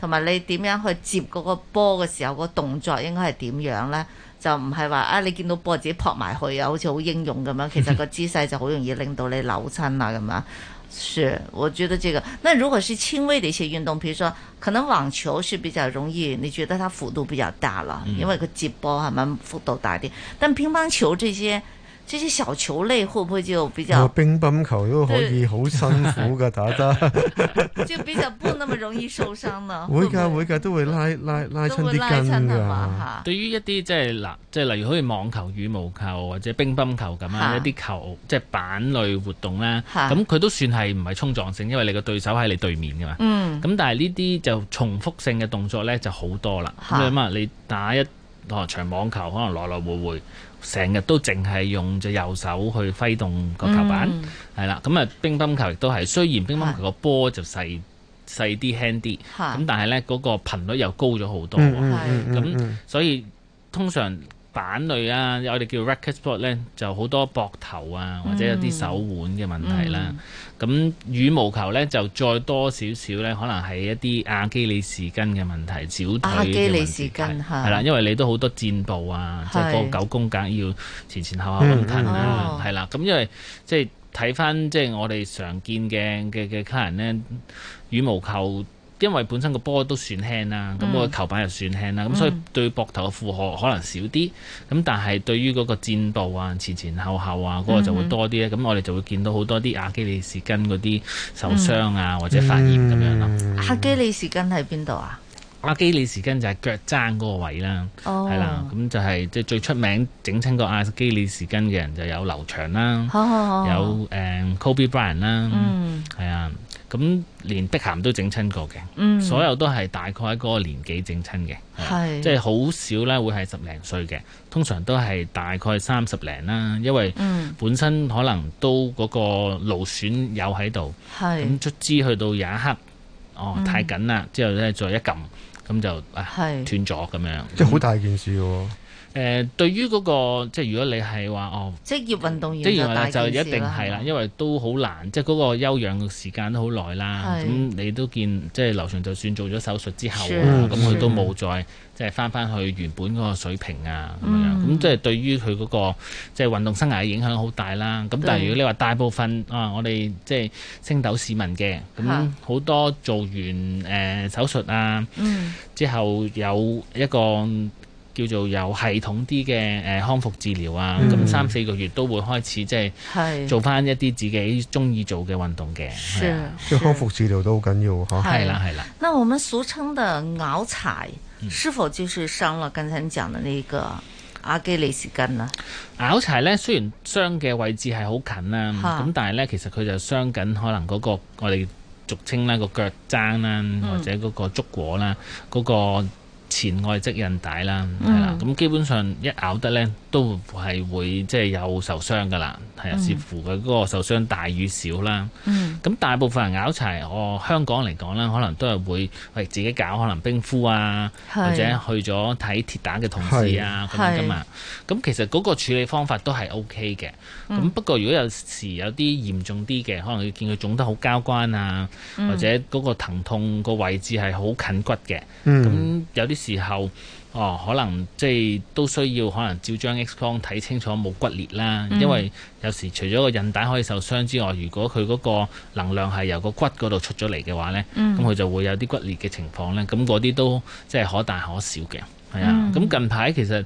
同埋你點樣去接嗰個波嘅時候，個動作應該係點樣咧？就唔係話啊，你見到波自己撲埋去啊，好似好英勇咁樣。其實個姿勢就好容易令到你扭親啊咁樣。是，我覺得這個。那如果是輕微的一些運動，譬如說，可能網球是比較容易，你覺得它幅度比較大啦、嗯，因為個接波係咪幅度大啲？但乒乓球這些。這些小球類會不會就比較？哦、乒乓球都可以好辛苦噶，打得 就比較不那麼容易受傷啦。 會噶會噶，都會拉拉拉親啲筋噶。對於一啲即係嗱，即係例如好似網球、羽毛球或者乒乓球咁樣，一啲球即係板類活動呢，咁佢都算係唔係衝撞性，因為你個對手喺你對面噶嘛。嗯。咁但係呢啲就重複性嘅動作呢就好多啦。咁啊，你打一場網球，可能來來回回。成日都淨係用隻右手去揮動個球板，係啦。咁啊，乒乓球亦都係，雖然乒乓球個波就細細啲輕啲，咁但係呢嗰個頻率又高咗好多。咁所以通常，板類啊，我哋叫 racquet sport 咧，就好多膊頭啊，或者有啲手腕嘅問題啦。咁、嗯、羽毛球咧就再多少少咧，可能係一啲阿基里斯筋嘅問題，小腿嘅問題。阿基里斯筋係啦，因為你都好多箭步啊，即係、就是、個九宮格要前前後後咁騰啦，係、嗯、啦。咁、嗯、因為即係睇翻即係我哋常見嘅嘅嘅客人咧，羽毛球。因為本身個波都算輕啦，咁個球板又算輕啦，咁、嗯、所以對膊頭嘅負荷可能少啲，咁、嗯、但係對於嗰個戰步啊前前後後啊嗰、那個就會多啲咧，咁、嗯、我哋就會見到好多啲阿基里斯筋嗰啲受傷啊、嗯、或者發炎咁樣咯、嗯嗯。阿基里斯筋喺邊度啊？阿基里斯筋就係腳踭嗰個位、哦、啦，係啦，咁就係即係最出名整親個阿基里斯筋嘅人就有劉翔啦，呵呵呵有誒、um, Kobe Bryant 啦，係、嗯、啊。咁連碧咸都整親過嘅、嗯，所有都係大概喺嗰個年紀整親嘅，即係好少咧會係十零歲嘅，通常都係大概三十零啦，因為本身可能都嗰個勞損有喺度，咁卒之去到有一刻，哦，太緊啦、嗯，之後咧再一撳，咁就、啊、斷咗咁樣，即係好大件事喎、哦。誒、呃，對於嗰、那個即係如果你係話哦，職業運動員就大件事啦，就一定係啦，因為都好難，即係嗰個休養嘅時間都好耐啦。咁你都見即係劉翔就算做咗手術之後咁佢、嗯嗯、都冇再即係返返去原本嗰個水平啊咁樣。咁、嗯、即係對於佢嗰個即係運動生涯嘅影響好大啦。咁但係如果你話大部分啊，我哋即係升斗市民嘅咁好多做完誒、呃、手術啊、嗯，之後有一個。叫做有系統啲嘅誒康復治療啊，咁、嗯、三四個月都會開始即係、就是、做翻一啲自己中意做嘅運動嘅。係即係康復治療都好緊要嚇。係啦、啊，係啦、啊。嗱、啊，啊啊、我們俗稱的拗柴是否就是傷了剛才講的那個阿基里斯筋啊？拗柴咧，雖然傷嘅位置係好近啦、啊，咁、啊、但係咧，其實佢就傷緊可能嗰、那個我哋俗稱啦個腳踭啦，或者嗰個足踝啦，嗰、那個。前外側韌帶啦，係啦，咁基本上一咬得咧，都係會即係有受傷噶啦，係啊，視乎佢嗰個受傷大與小啦。咁、嗯、大部分人拗柴，我香港嚟講咧，可能都係會喂自己搞、啊，可能冰敷啊，或者去咗睇鐵打嘅同事啊咁樣噶嘛。咁其實嗰個處理方法都係 OK 嘅。咁、嗯、不過如果有時有啲嚴重啲嘅，可能要見佢腫得好交關啊，嗯、或者嗰個疼痛個位置係好近骨嘅。咁、嗯、有啲時候。哦，可能即係都需要，可能照張 X 光睇清楚冇骨裂啦、嗯。因為有時除咗個韌帶可以受傷之外，如果佢嗰個能量係由個骨嗰度出咗嚟嘅話呢，咁、嗯、佢就會有啲骨裂嘅情況呢。咁嗰啲都即係可大可小嘅，係、嗯、啊。咁近排其實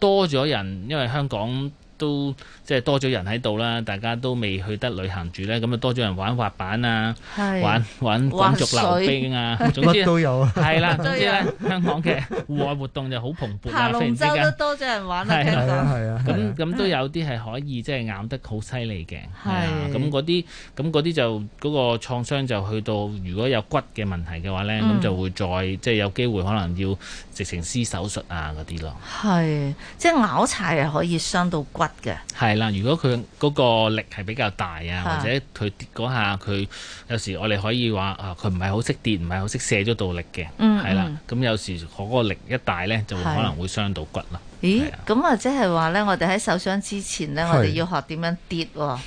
多咗人，因為香港，都即係多咗人喺度啦，大家都未去得旅行住咧，咁啊多咗人玩滑板啊，玩玩滾軸溜冰啊，總之 都有係 啦，總之咧 總之 香港嘅戶外活動就好蓬勃啊，飛行都多咗人玩啦，係啊係啊，咁咁、啊、都有啲係可以即係咬得好犀利嘅，係啊，咁嗰啲咁嗰啲就嗰、嗰個創傷就去到如果有骨嘅問題嘅話咧，咁、嗯、就會再即係有機會可能要直程施手術啊嗰啲咯，係即係咬柴又可以傷到骨。骨嘅係啦，如果佢嗰個力係比較大啊，或者佢跌嗰下佢有時我哋可以話啊，佢唔係好識跌，唔係好識卸咗到力嘅，嗯、係啦，咁有時嗰個力一大呢，就可能會傷到骨咯。咦？咁或者係話呢，我哋喺受傷之前呢，我哋要學點樣跌喎？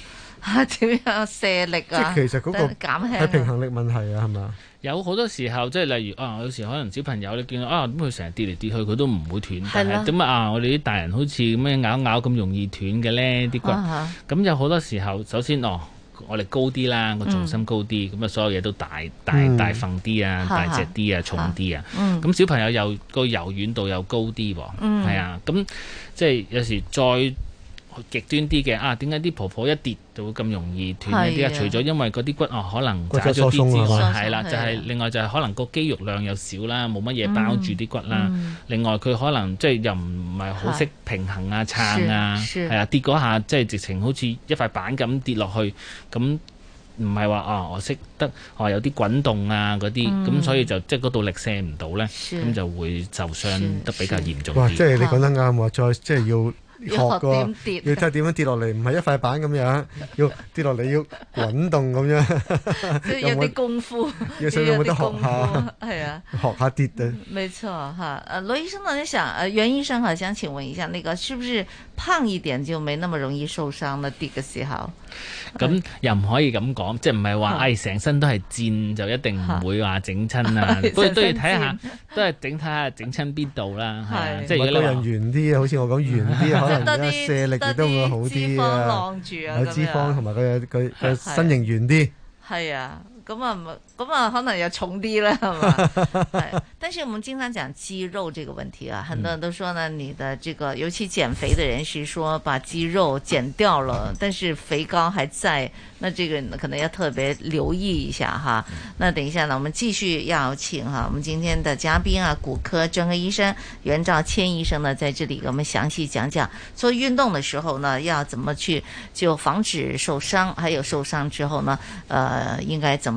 啊！點樣卸力啊？即其實嗰個減輕係平衡力問題啊，係嘛、啊？有好多時候，即係例如啊，有時可能小朋友你見到啊，咁佢成日跌嚟跌去，佢都唔會斷。係啦。點啊？我哋啲大人好似咁樣咬咬咁容易斷嘅咧啲骨。嚇、這、咁、個啊啊、有好多時候，首先哦、啊，我哋高啲啦，個重心高啲，咁、嗯、啊，所有嘢都大大大份啲啊，大隻啲啊，重啲啊。嗯。咁、啊啊啊啊啊啊嗯、小朋友又、個柔軟度又高啲喎。係啊，咁、嗯、即係有時再。極端啲嘅啊，點解啲婆婆一跌就會咁容易斷呢啲啊，除咗因為嗰啲骨啊可能了骨質疏鬆外，係啦，就係、是、另外就係可能個肌肉量又少啦，冇乜嘢包住啲骨啦、嗯嗯。另外佢可能即係、就是、又唔係好識平衡啊撐啊，係啊跌嗰下即係、就是、直情好似一塊板咁跌落去，咁唔係話啊我識得哦、啊、有啲滾動啊嗰啲，咁、嗯、所以就即係嗰度力卸唔到咧，咁就會受傷得比較嚴重。即係你講得啱喎，再即係要。學過，要學點跌，要睇點樣跌落嚟，唔係一塊板咁樣，要跌落嚟要滾動咁樣， 要有啲功夫， 想有冇得 學下，係啊，學下跌的沒錯。沒錯，啊，吓，誒，羅醫生我就想，誒、呃，袁醫生我想請問一下，那個是不是？胖一點就沒那麼容易受傷啦，跌嘅時候，咁、嗯嗯、又唔可以咁講，即係唔係話，唉、嗯，成、哎、身都係腱就一定唔會話整親啊，都要睇下，都係整睇下整親邊度啦，即係個人圓啲、嗯嗯、啊，好似我講圓啲可能多啲卸力亦都會好啲啊，有脂肪同埋佢佢佢身形圓啲，係啊。咁啊，咁啊，可能要重啲啦，係嘛？係，但是我們經常講肌肉這個問題啊，很多人都說呢，你的這個，尤其減肥的人是說把肌肉減掉了，但是肥膏還在，那這個可能要特別留意一下哈。那等一下呢，我們繼續要請哈，我們今天的嘉賓啊，骨科專科醫生袁劭謙醫生呢，在這裏給我們詳細講講做運動的時候呢，要怎麼去就防止受傷，還有受傷之後呢，呃，應該怎麼。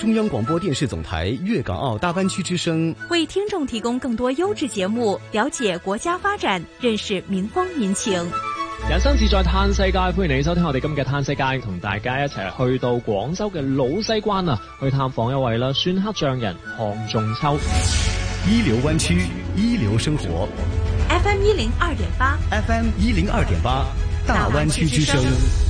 中央廣播電視總台粵港澳大灣區之聲，為聽眾提供更多優質節目，了解國家發展，認識民風民情。人生自在嘆世界，歡迎你收聽我哋今日嘅嘆世界，同大家一齊去到廣州嘅老西關啊，去探訪一位啦，孫黑匠人韓仲秋。一流灣區，一流生活。FM 一零二點八，FM 一零二點八，大灣區之聲。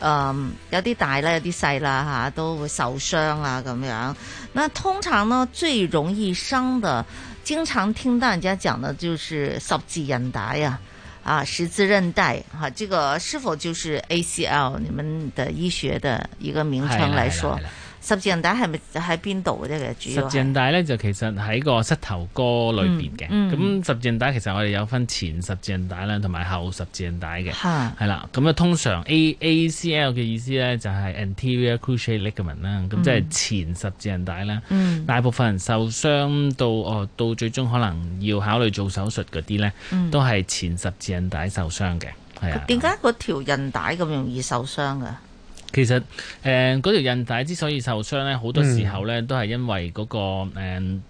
嗯，有啲大啦，有啲細啦吓，都會受傷啊咁樣。那通常呢最容易傷的，經常聽到人家講的就是十字韌帶呀，啊，十字韌帶，哈，這個是否就是 ACL？你們的醫學的一個名稱來說。十字韌帶係咪喺邊度嘅啫？主要係十字韌帶咧就其實喺個膝頭哥裏邊嘅。咁、嗯嗯、十字韌帶其實我哋有分前十字韌帶啦，同埋後十字韌帶嘅。係係啦。咁啊，就通常 A A C L 嘅意思咧就係 Anterior Cruciate Ligament 啦、嗯。咁即係前十字韌帶啦、嗯。大部分人受傷到哦、嗯，到最終可能要考慮做手術嗰啲咧，都係前十字韌帶受傷嘅。係啊。點解嗰條韌帶咁容易受傷㗎？其實誒，嗰條韌帶之所以受傷咧，好多時候咧都係因為嗰、嗰個誒、嗯、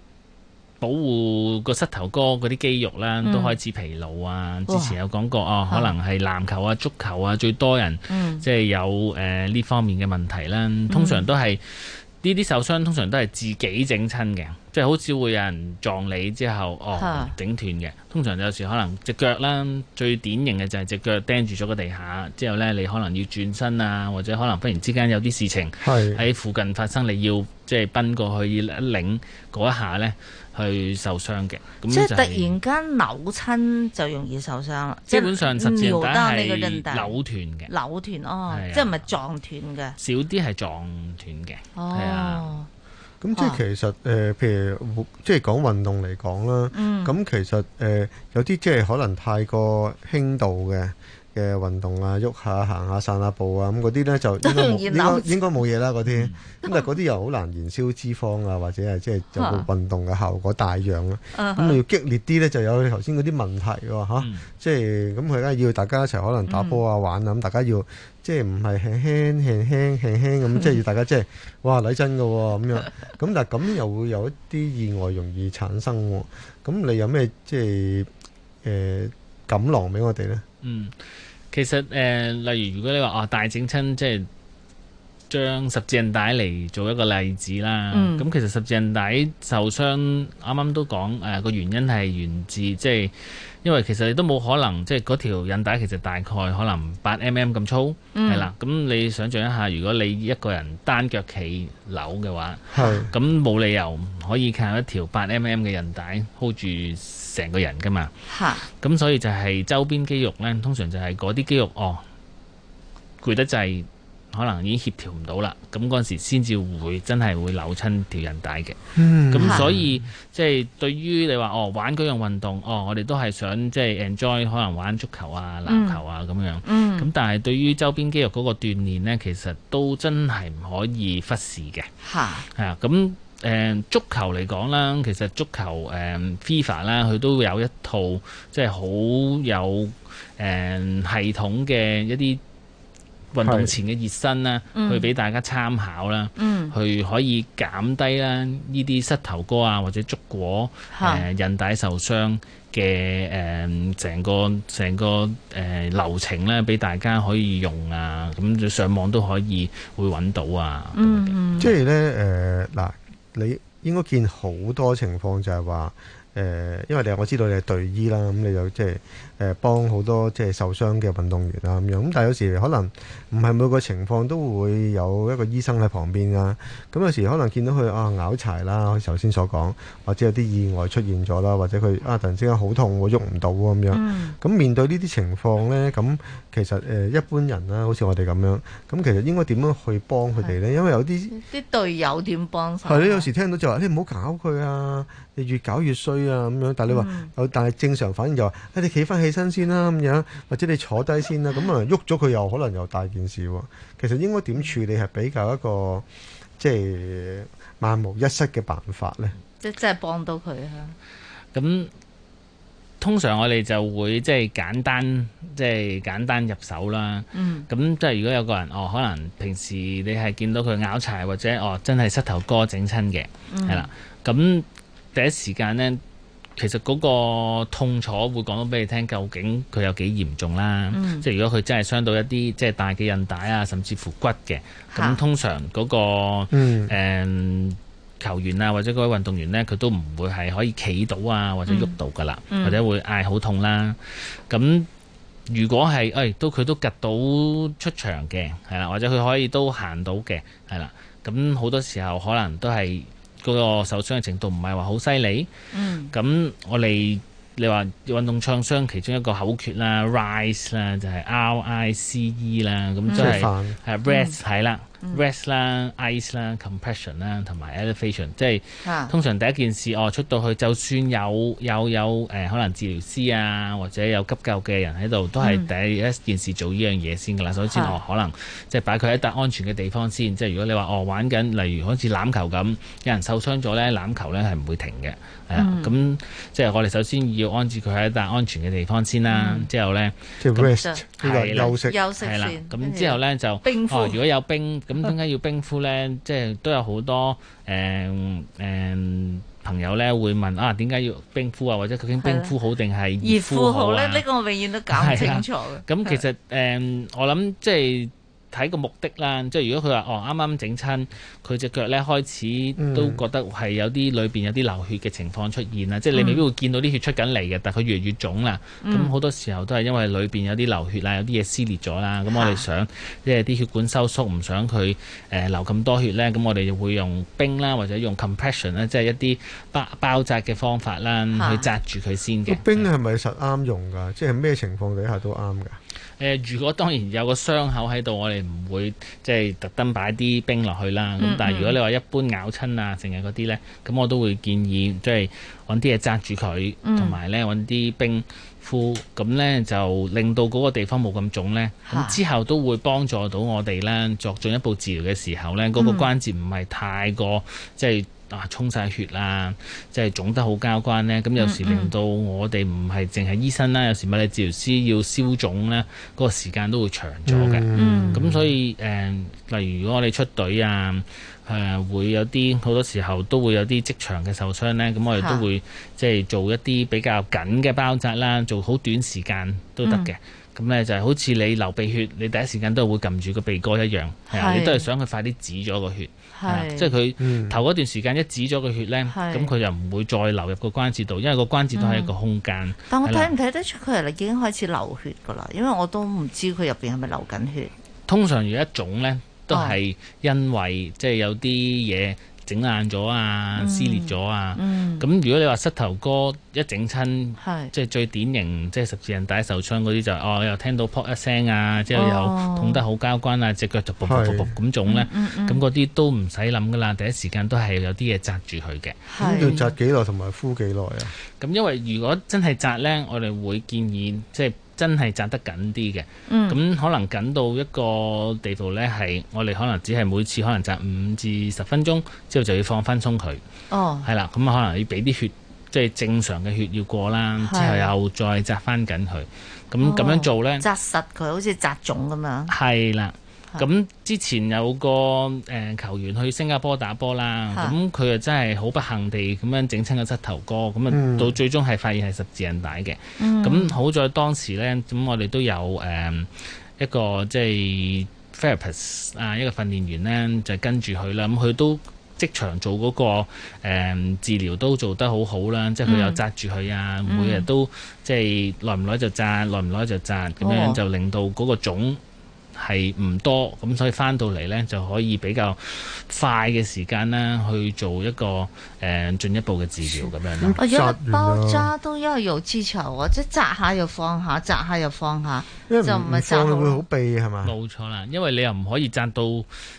保護個膝頭哥嗰啲肌肉啦，都開始疲勞啊、嗯。之前有講過、哦哦、可能係籃球啊、足球啊最多人即係有誒呢、嗯呃、方面嘅問題啦。通常都係。嗯呢啲受傷通常都係自己整親嘅，即係好似會有人撞你之後，哦整斷嘅。通常有時可能隻腳啦，最典型嘅就係隻腳釘住咗個地下，之後呢，你可能要轉身啊，或者可能忽然之間有啲事情喺附近發生，你要即係奔過去要一擰嗰一下呢。去受傷嘅，即係突然間扭親就容易受傷啦。基本上，十字韌帶係扭斷嘅，扭斷哦，即係唔係撞斷嘅，少啲係撞斷嘅。哦，咁即係、哦、其實誒、呃，譬如即係講運動嚟講啦，咁、嗯、其實誒、呃、有啲即係可能太過輕度嘅。嘅運動啊，喐下行下散下步啊，咁嗰啲咧就應該應該冇嘢啦嗰啲。咁但係嗰啲又好難燃燒脂肪啊，或者係即係就有個運動嘅效果大樣啦。咁要激烈啲咧，就有頭先嗰啲問題喎嚇。即係咁，佢梗係要大家一齊可能打波啊，玩啊，咁大家要即係唔係輕輕輕輕輕輕咁，即係要大家即係哇嚟真噶咁樣。咁但係咁又會有一啲意外容易產生。咁你有咩即係誒錦囊俾我哋咧？嗯。其實誒，例如如果你話哦大整親，即係將十字韌帶嚟做一個例子啦。咁其實十字韌帶受傷，啱啱都講誒個原因係源自即係，因為其實你都冇可能即係嗰條韌帶其實大概可能八 mm 咁粗，係啦。咁你想象一下，如果你一個人單腳企扭嘅話，咁冇理由可以靠一條八 mm 嘅韌帶 hold 住。成個人噶嘛，咁所以就係周邊肌肉呢，通常就係嗰啲肌肉哦攰得滯，可能已經協調唔到啦。咁嗰陣時先至會真係會扭親條韌帶嘅。咁、嗯、所以即係、就是、對於你話哦玩嗰樣運動哦，我哋都係想即係 enjoy，可能玩足球啊、籃球啊咁、嗯、樣。咁、嗯、但係對於周邊肌肉嗰個鍛煉呢，其實都真係唔可以忽視嘅。嚇，係啊咁。誒、嗯、足球嚟講啦，其實足球誒 FIFA 啦，佢、嗯、都有一套即係好有誒、嗯、系統嘅一啲運動前嘅熱身啦，去俾大家參考啦、嗯，去可以減低啦呢啲膝頭哥啊或者足果，誒韌、呃、帶受傷嘅誒成個成個誒、呃、流程咧，俾大家可以用啊，咁就上網都可以會揾到啊。嗯，嗯是即係咧誒嗱。呃你應該見好多情況就，就係話誒，因為你我知道你係隊醫啦，咁、嗯、你就即係。就是誒幫好多即係受傷嘅運動員啊咁樣，咁但係有時可能唔係每個情況都會有一個醫生喺旁邊啊，咁有時可能見到佢啊咬柴啦，頭先所講，或者有啲意外出現咗啦，或者佢啊突然之間好痛喎，喐唔到咁樣。咁、嗯、面對呢啲情況咧，咁其實誒一般人啦，好似我哋咁樣，咁其實應該點樣去幫佢哋咧？因為有啲啲隊友點幫手？係咯，你有時聽到就話你唔好搞佢啊，你越搞越衰啊咁樣。但係你話、嗯、但係正常反應就話誒你企翻起。起身先啦、啊，咁樣或者你坐低先啦、啊，咁啊喐咗佢又可能又大件事喎、啊。其實應該點處理係比較一個即係萬無一失嘅辦法呢？即即係幫到佢啊！咁通常我哋就會即係、就是、簡單，即、就、係、是、簡單入手啦。嗯，咁即係如果有個人哦，可能平時你係見到佢拗柴或者哦真係膝頭哥整親嘅，係、嗯、啦，咁第一時間呢。其實嗰個痛楚會講到俾你聽，究竟佢有幾嚴重啦？嗯、即係如果佢真係傷到一啲，即係大嘅韌帶啊，甚至乎骨嘅，咁通常嗰、嗰個誒、嗯呃、球員啊，或者嗰位運動員咧，佢都唔會係可以企到啊，或者喐到噶啦、嗯，或者會嗌好痛啦。咁、嗯、如果係，誒、哎、都佢都夾到出場嘅，係啦，或者佢可以都行到嘅，係啦。咁好多時候可能都係。嗰個受傷嘅程度唔係話好犀利，咁、嗯、我哋你話運動創傷其中一個口訣啦，RICE 啦就係 R I C E 啦、就是，咁即係 rest 係、嗯、啦。rest 啦、ice 啦、compression 啦，同埋 elevation，即係、啊、通常第一件事，我、哦、出到去，就算有有有、呃、可能治療師啊，或者有急救嘅人喺度，都係第一件事做呢樣嘢先㗎啦。所、嗯、以先我、哦、可能即係擺佢喺一笪安全嘅地方先。即係如果你話我、哦、玩緊，例如好似欖球咁，有人受傷咗呢，欖球呢係唔會停嘅。咁、yeah, 嗯嗯、即係我哋首先要安置佢喺一笪安全嘅地方先啦、啊嗯，之後咧、嗯，休息休息，係啦，咁之後咧就冰敷、哦。如果有冰，咁點解要冰敷咧？即 係都有好多誒誒、嗯嗯、朋友咧會問啊，點解要冰敷啊？或者究竟冰敷好定係熱敷好咧？好呢、呢個我永遠都搞唔清楚。咁其實誒、嗯，我諗即係。睇個目的啦，即係如果佢話哦啱啱整親佢隻腳咧，開始都覺得係有啲裏面有啲流血嘅情況出現啦、嗯，即係你未必會見到啲血出緊嚟嘅，但佢越嚟越腫啦。咁、嗯、好多時候都係因為裏面有啲流血啦，有啲嘢撕裂咗啦。咁我哋想、啊、即係啲血管收縮，唔想佢、呃、流咁多血咧，咁我哋就會用冰啦，或者用 compression 啦，即係一啲包包紮嘅方法啦，去紮住佢先。嘅、啊啊、冰係咪實啱用㗎、嗯？即係咩情況底下都啱㗎？呃、如果當然有個傷口喺度，我哋唔會即係、就是、特登擺啲冰落去啦。咁、嗯嗯、但如果你話一般咬親啊，成日嗰啲呢，咁我都會建議即係揾啲嘢紮住佢，同、就、埋、是嗯、呢揾啲冰敷。咁呢就令到嗰個地方冇咁腫呢。咁之後都會幫助到我哋呢，作進一步治療嘅時候呢，嗰、那個關節唔係太過、嗯、即係。啊！衝曬血喇！即係腫得好交關咧，咁有時令到我哋唔係淨係醫生啦、嗯嗯，有時物理治療師要消腫咧，嗰個時間都會長咗嘅。咁、嗯嗯、所以誒、呃，例如如果我哋出隊啊，誒、呃、會有啲好多時候都會有啲職場嘅受傷咧，咁我哋都會即係、啊、做一啲比較緊嘅包紮啦，做好短時間都得嘅。咁、嗯、咧就係好似你流鼻血，你第一時間都係會撳住個鼻哥一樣，係啊，你都係想佢快啲止咗個血。係，即係佢、嗯、頭嗰段時間一止咗個血咧，咁佢就唔會再流入個關節度，因為個關節都係一個空間。嗯、但我睇唔睇得出佢嚟已經開始流血㗎喇，因為我都唔知佢入邊係咪流緊血。通常有一種咧，都係因為、哎、即係有啲嘢。整爛咗啊、嗯，撕裂咗啊，咁、嗯、如果你話膝頭哥一整親，即、嗯、係、就是、最典型，即、就、係、是、十字人帶受傷嗰啲就是、哦，又聽到 pop 一聲啊、哦，之後又痛得好交關啊，隻腳就噗噗噗噗咁腫呢。咁嗰啲都唔使諗噶啦，第一時間都係有啲嘢紮住佢嘅。咁要紮幾耐同埋敷幾耐啊？咁因為如果真係紮呢，我哋會建議即係。就是真係紮得緊啲嘅，咁、嗯、可能緊到一個地步呢。係我哋可能只係每次可能紮五至十分鐘，之後就要放翻鬆佢。哦，係啦，咁可能要俾啲血，即、就、係、是、正常嘅血要過啦，之後又再紮翻緊佢，咁、哦、咁樣做呢，紮實佢好似紮腫咁樣。係啦。咁之前有個誒球員去新加坡打波啦，咁佢又真係好不幸地咁樣整親個膝頭哥，咁啊到最終係發現係十字韌帶嘅。咁、嗯、好在當時咧，咁我哋都有誒一個即係 therapist 啊，一個訓練員咧就跟住佢啦。咁佢都即場做嗰、嗰個誒治療都做得好好啦，即係佢又紮住佢啊，每日都即係耐唔耐就紮，耐唔耐就紮，咁樣就令到嗰個腫。係唔多，咁所以翻到嚟咧就可以比較快嘅時間啦，去做一個誒、嗯、進一步嘅治療咁、嗯、樣啦。我覺得包紮都要有技巧啊，即係紮下又放一下，紮一下又放下，就唔係紮到會好痹係嘛？冇錯啦，因為你又唔可以紮到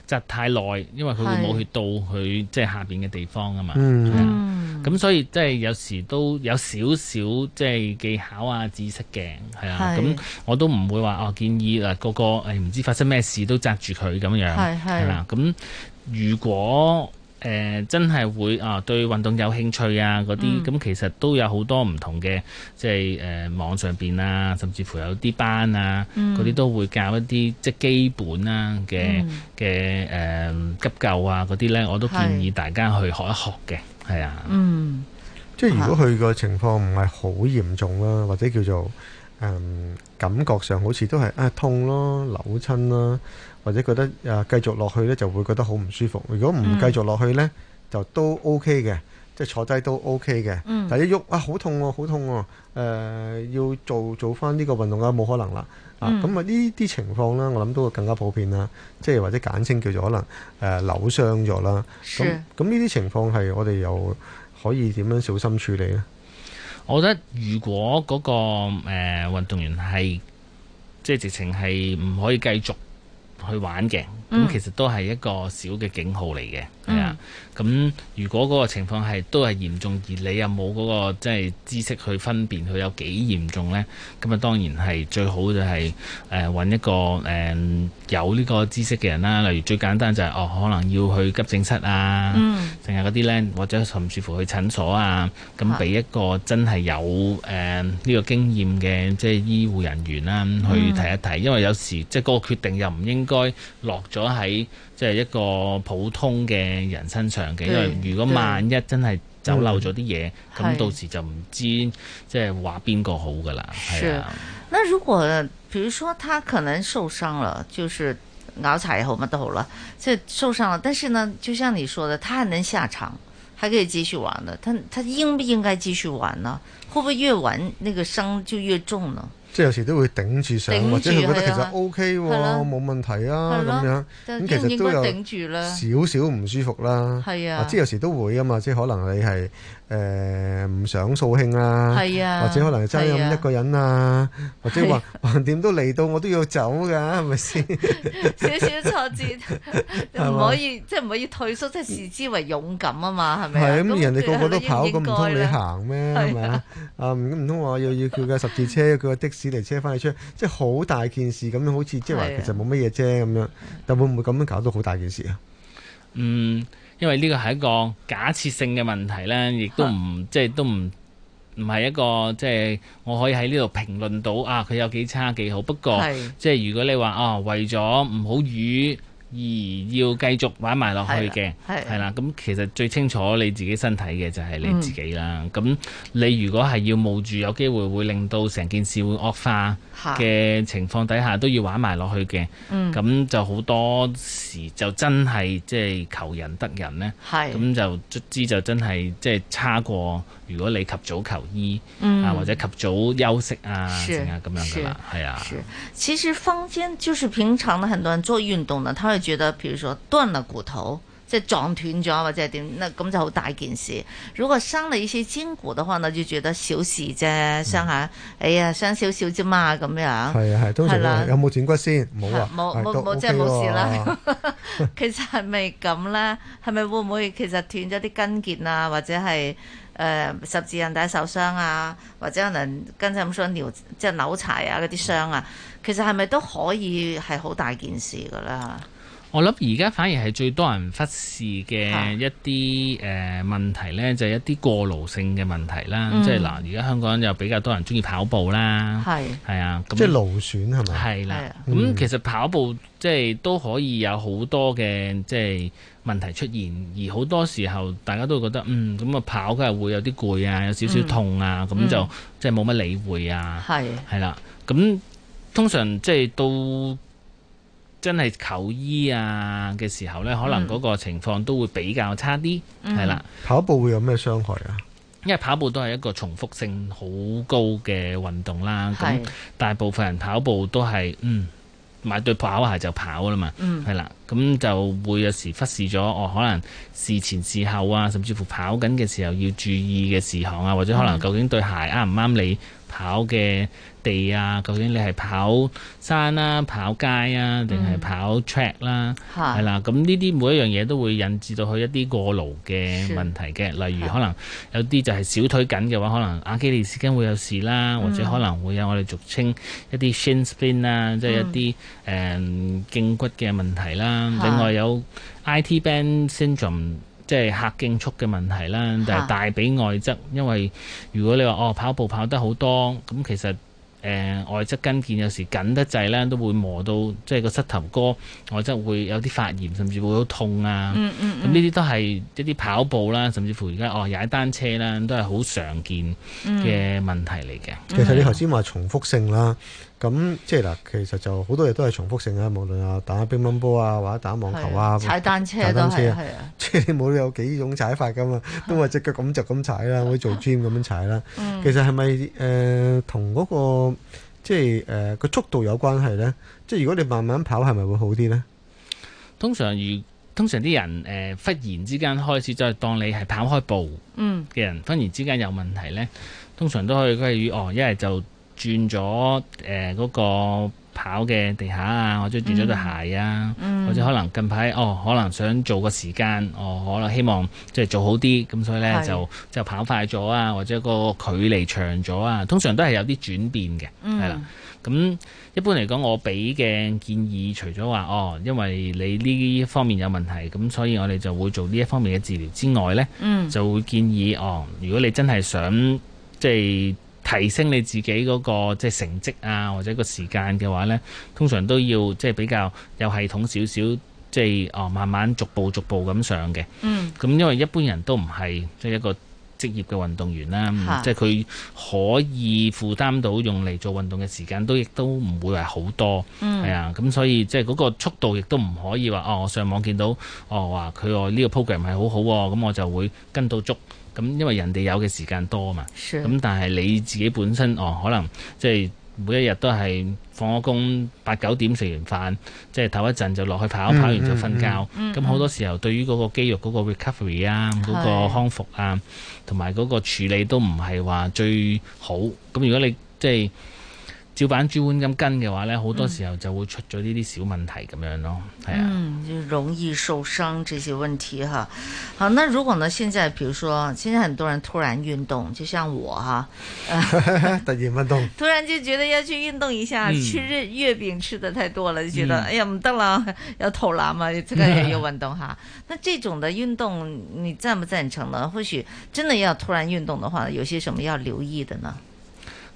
紮太耐，因為佢會冇血到去即係下邊嘅地方啊嘛。嗯、咁、嗯、所以即係有時都有少少即係技巧啊、知識嘅係啊，咁我都唔會話哦建議嗱、啊、個個誒。哎唔知發生咩事都紮住佢咁樣，係啦。咁如果、呃、真係會啊，對運動有興趣啊，嗰啲咁其實都有好多唔同嘅，即係誒、呃、網上面啊，甚至乎有啲班啊，嗰、嗯、啲都會教一啲即係基本啊嘅嘅、嗯呃、急救啊嗰啲咧，我都建議大家去學一學嘅，係啊。嗯，即係如果佢個情況唔係好嚴重啦，或者叫做。誒、嗯、感覺上好似都係啊痛咯，扭親啦，或者覺得啊、呃、繼續落去咧就會覺得好唔舒服。如果唔繼續落去咧、嗯，就都 OK 嘅，即係坐低都 OK 嘅、嗯。但係一喐啊好痛喎、啊，好痛喎、啊呃！要做做翻呢個運動啊，冇可能啦。啊咁啊，呢啲情況咧，我諗都會更加普遍啦。即係或者簡稱叫做可能誒、呃、扭傷咗啦。咁咁呢啲情況係我哋又可以點樣小心處理咧？我覺得如果嗰個誒運動員係，即係直情係唔可以繼續去玩嘅，咁其實都係一個小嘅警號嚟嘅，係、嗯、啊。咁如果嗰個情況係都係嚴重，而你又冇嗰、那個即係、就是、知識去分辨佢有幾嚴重咧，咁啊當然係最好就係誒揾一個誒、呃、有呢個知識嘅人啦。例如最簡單就係、是、哦，可能要去急症室啊，定係嗰啲咧，或者甚至乎去診所啊，咁俾一個真係有誒呢、啊呃這個經驗嘅即係醫護人員啦去睇一睇，嗯、因為有時即係嗰個決定又唔應該。應該落咗喺即係一個普通嘅人身上嘅，因為如果萬一真係走漏咗啲嘢，咁到時就唔知即係話邊個好噶啦。是，是，是，那如果，譬如說他可能受傷了，就是咬柴也好乜都好啦，即係受傷了。但是呢，就像你說的，他還能下場，還可以繼續玩的。他他應不應該繼續玩呢？會不會越玩那個傷就越重呢？即係有時都會頂住上，或者佢覺得其實 OK 喎，冇問題啊咁樣。咁其實都有少少唔舒服啦。係啊，即係有時都會啊嘛，即係可能你係。誒，唔想掃興啊，或者可能真係咁一個人啊，或者話橫掂都嚟到，我都要走噶，係咪先？少少挫折，唔可以即係唔可以退縮，即係視之為勇敢啊嘛，係咪？係咁，人哋個個都跑咁唔通你行咩？係咪啊？啊唔通話又要叫架十字車，叫個的士嚟車翻去出去，即係好大件事咁樣，好似即係話其實冇乜嘢啫咁樣，但會唔會咁樣搞到好大件事啊？嗯。因為呢個係一個假設性嘅問題咧，亦都唔即係都唔唔係一個即係我可以喺呢度評論到啊，佢有幾差幾好。不過即係如果你話啊，為咗唔好魚。而要繼續玩埋落去嘅，係啦。咁其實最清楚你自己身體嘅就係你自己啦。咁、嗯、你如果係要冒住有機會會令到成件事會惡化嘅情況底下，都要玩埋落去嘅。咁、嗯、就好多時就真係即係求仁得仁咧。咁就卒之就真係即係差過如果你及早求醫、嗯、啊或者及早休息啊咁樣噶啦。係啊。其實坊間就是平常呢，很多人做運動呢，他會覺得，譬如說斷了骨頭，即係撞斷咗或者係點，咁就好大件事。如果傷了一些筋骨的話，呢就覺得小事啫，傷、嗯、下，哎呀，傷少少啫嘛咁樣。係啊係，都算有冇斷骨先，冇啊，冇冇冇，即係冇事啦。 其實係咪咁呢？係咪會唔會其實斷咗啲筋腱啊，或者係誒、呃、十字韌帶受傷啊，或者可能跟咁傷尿即係扭柴啊嗰啲傷啊、嗯？其實係咪都可以係好大件事噶啦？我諗而家反而係最多人忽視嘅一啲誒問題咧，就係一啲過勞性嘅問題啦。嗯、即係嗱，而家香港人又比較多人中意跑步啦，係係啊，咁即係勞損係咪？係啦，咁、嗯、其實跑步即係都可以有好多嘅即係問題出現，而好多時候大家都會覺得嗯咁啊跑梗係會有啲攰啊，有少少痛啊，咁、嗯、就、嗯、即係冇乜理會啊。係係啦，咁通常即係到都真係求醫啊嘅時候呢，可能嗰個情況都會比較差啲，係、嗯、啦。跑步會有咩傷害啊？因為跑步都係一個重複性好高嘅運動啦，咁大部分人跑步都係嗯買對跑鞋就跑啦嘛，係、嗯、啦，咁就會有時忽視咗哦，可能事前事後啊，甚至乎跑緊嘅時候要注意嘅事項啊，或者可能究竟對鞋啱唔啱你跑嘅？地啊，究竟你係跑山啦、啊、跑街啊，定係跑 track 啦、啊，係、嗯、啦，咁呢啲每一樣嘢都會引致到佢一啲過勞嘅問題嘅，例如可能有啲就係小腿緊嘅話，可能阿基里斯腱會有事啦、嗯，或者可能會有我哋俗稱一啲 shin splints 啦、啊，即、嗯、係、就是、一啲誒脛骨嘅問題啦。另外有 IT band syndrome，即係髂脛束嘅問題啦，就係、是、大髀外側，因為如果你話哦跑步跑得好多，咁其實。誒、呃、外側跟腱有時緊得滯咧，都會磨到即係個膝頭哥外側會有啲發炎，甚至會好痛啊！咁呢啲都係一啲跑步啦，甚至乎而家哦踩單車啦，都係好常見嘅問題嚟嘅、嗯。其實你頭先話重複性啦。咁即係嗱，其實就好多嘢都係重複性啊，無論啊打乒乓波啊，或者打網球啊，踩單車都係啊，即係你冇理由有幾種踩法噶嘛，都係隻腳咁就咁踩啦，或做 gym 咁樣踩啦、嗯。其實係咪誒同嗰個即係誒個速度有關係咧？即、就、係、是、如果你慢慢跑，係咪會好啲咧？通常如，如通常啲人誒、呃、忽然之間開始就係、是、當你係跑開步，嘅、嗯、人忽然之間有問題咧，通常都可以歸於哦一係就。轉咗誒嗰個跑嘅地下啊，或者轉咗對鞋啊、嗯，或者可能近排、嗯、哦，可能想做個時間哦，可能希望即係做好啲，咁所以呢就就跑快咗啊，或者個距離長咗啊，通常都係有啲轉變嘅，係、嗯、啦。咁一般嚟講，我俾嘅建議除咗，除咗話哦，因為你呢方面有問題，咁所以我哋就會做呢一方面嘅治療之外呢、嗯，就會建議哦，如果你真係想即係。提升你自己嗰個即係成績啊，或者個時間嘅話呢，通常都要即係比較有系統少少，即係慢慢逐步逐步咁上嘅。嗯。咁因為一般人都唔係即係一個職業嘅運動員啦，即係佢可以負擔到用嚟做運動嘅時間，都亦都唔會話好多。係、嗯、啊，咁所以即係嗰個速度亦都唔可以話哦，我上網見到哦話佢呢個 program 係好好喎，咁我就會跟到足。咁因為人哋有嘅時間多嘛，咁但係你自己本身哦，可能即係每一日都係放咗工八九點食完飯，即係唞一陣就落去跑嗯嗯嗯，跑完就瞓覺。咁、嗯、好、嗯、多時候對於嗰個肌肉嗰個 recovery 啊，嗰、嗯嗰個康復啊，同埋嗰個處理都唔係話最好。咁如果你即係，就是照板煮碗咁跟嘅話呢，好多時候就會出咗呢啲小問題咁樣咯，係、嗯、啊。嗯，就容易受傷這些問題哈。好，那如果呢？現在，譬如說，現在很多人突然運動，就像我哈。突、啊、然 突然就覺得要去運動一下，嗯、吃月餅吃的太多了，就覺得、嗯、哎呀唔得啦，要投籃嘛，突然要運動哈、嗯。那這種的運動，你贊不贊成呢？或許真的要突然運動的話，有些什麼要留意的呢？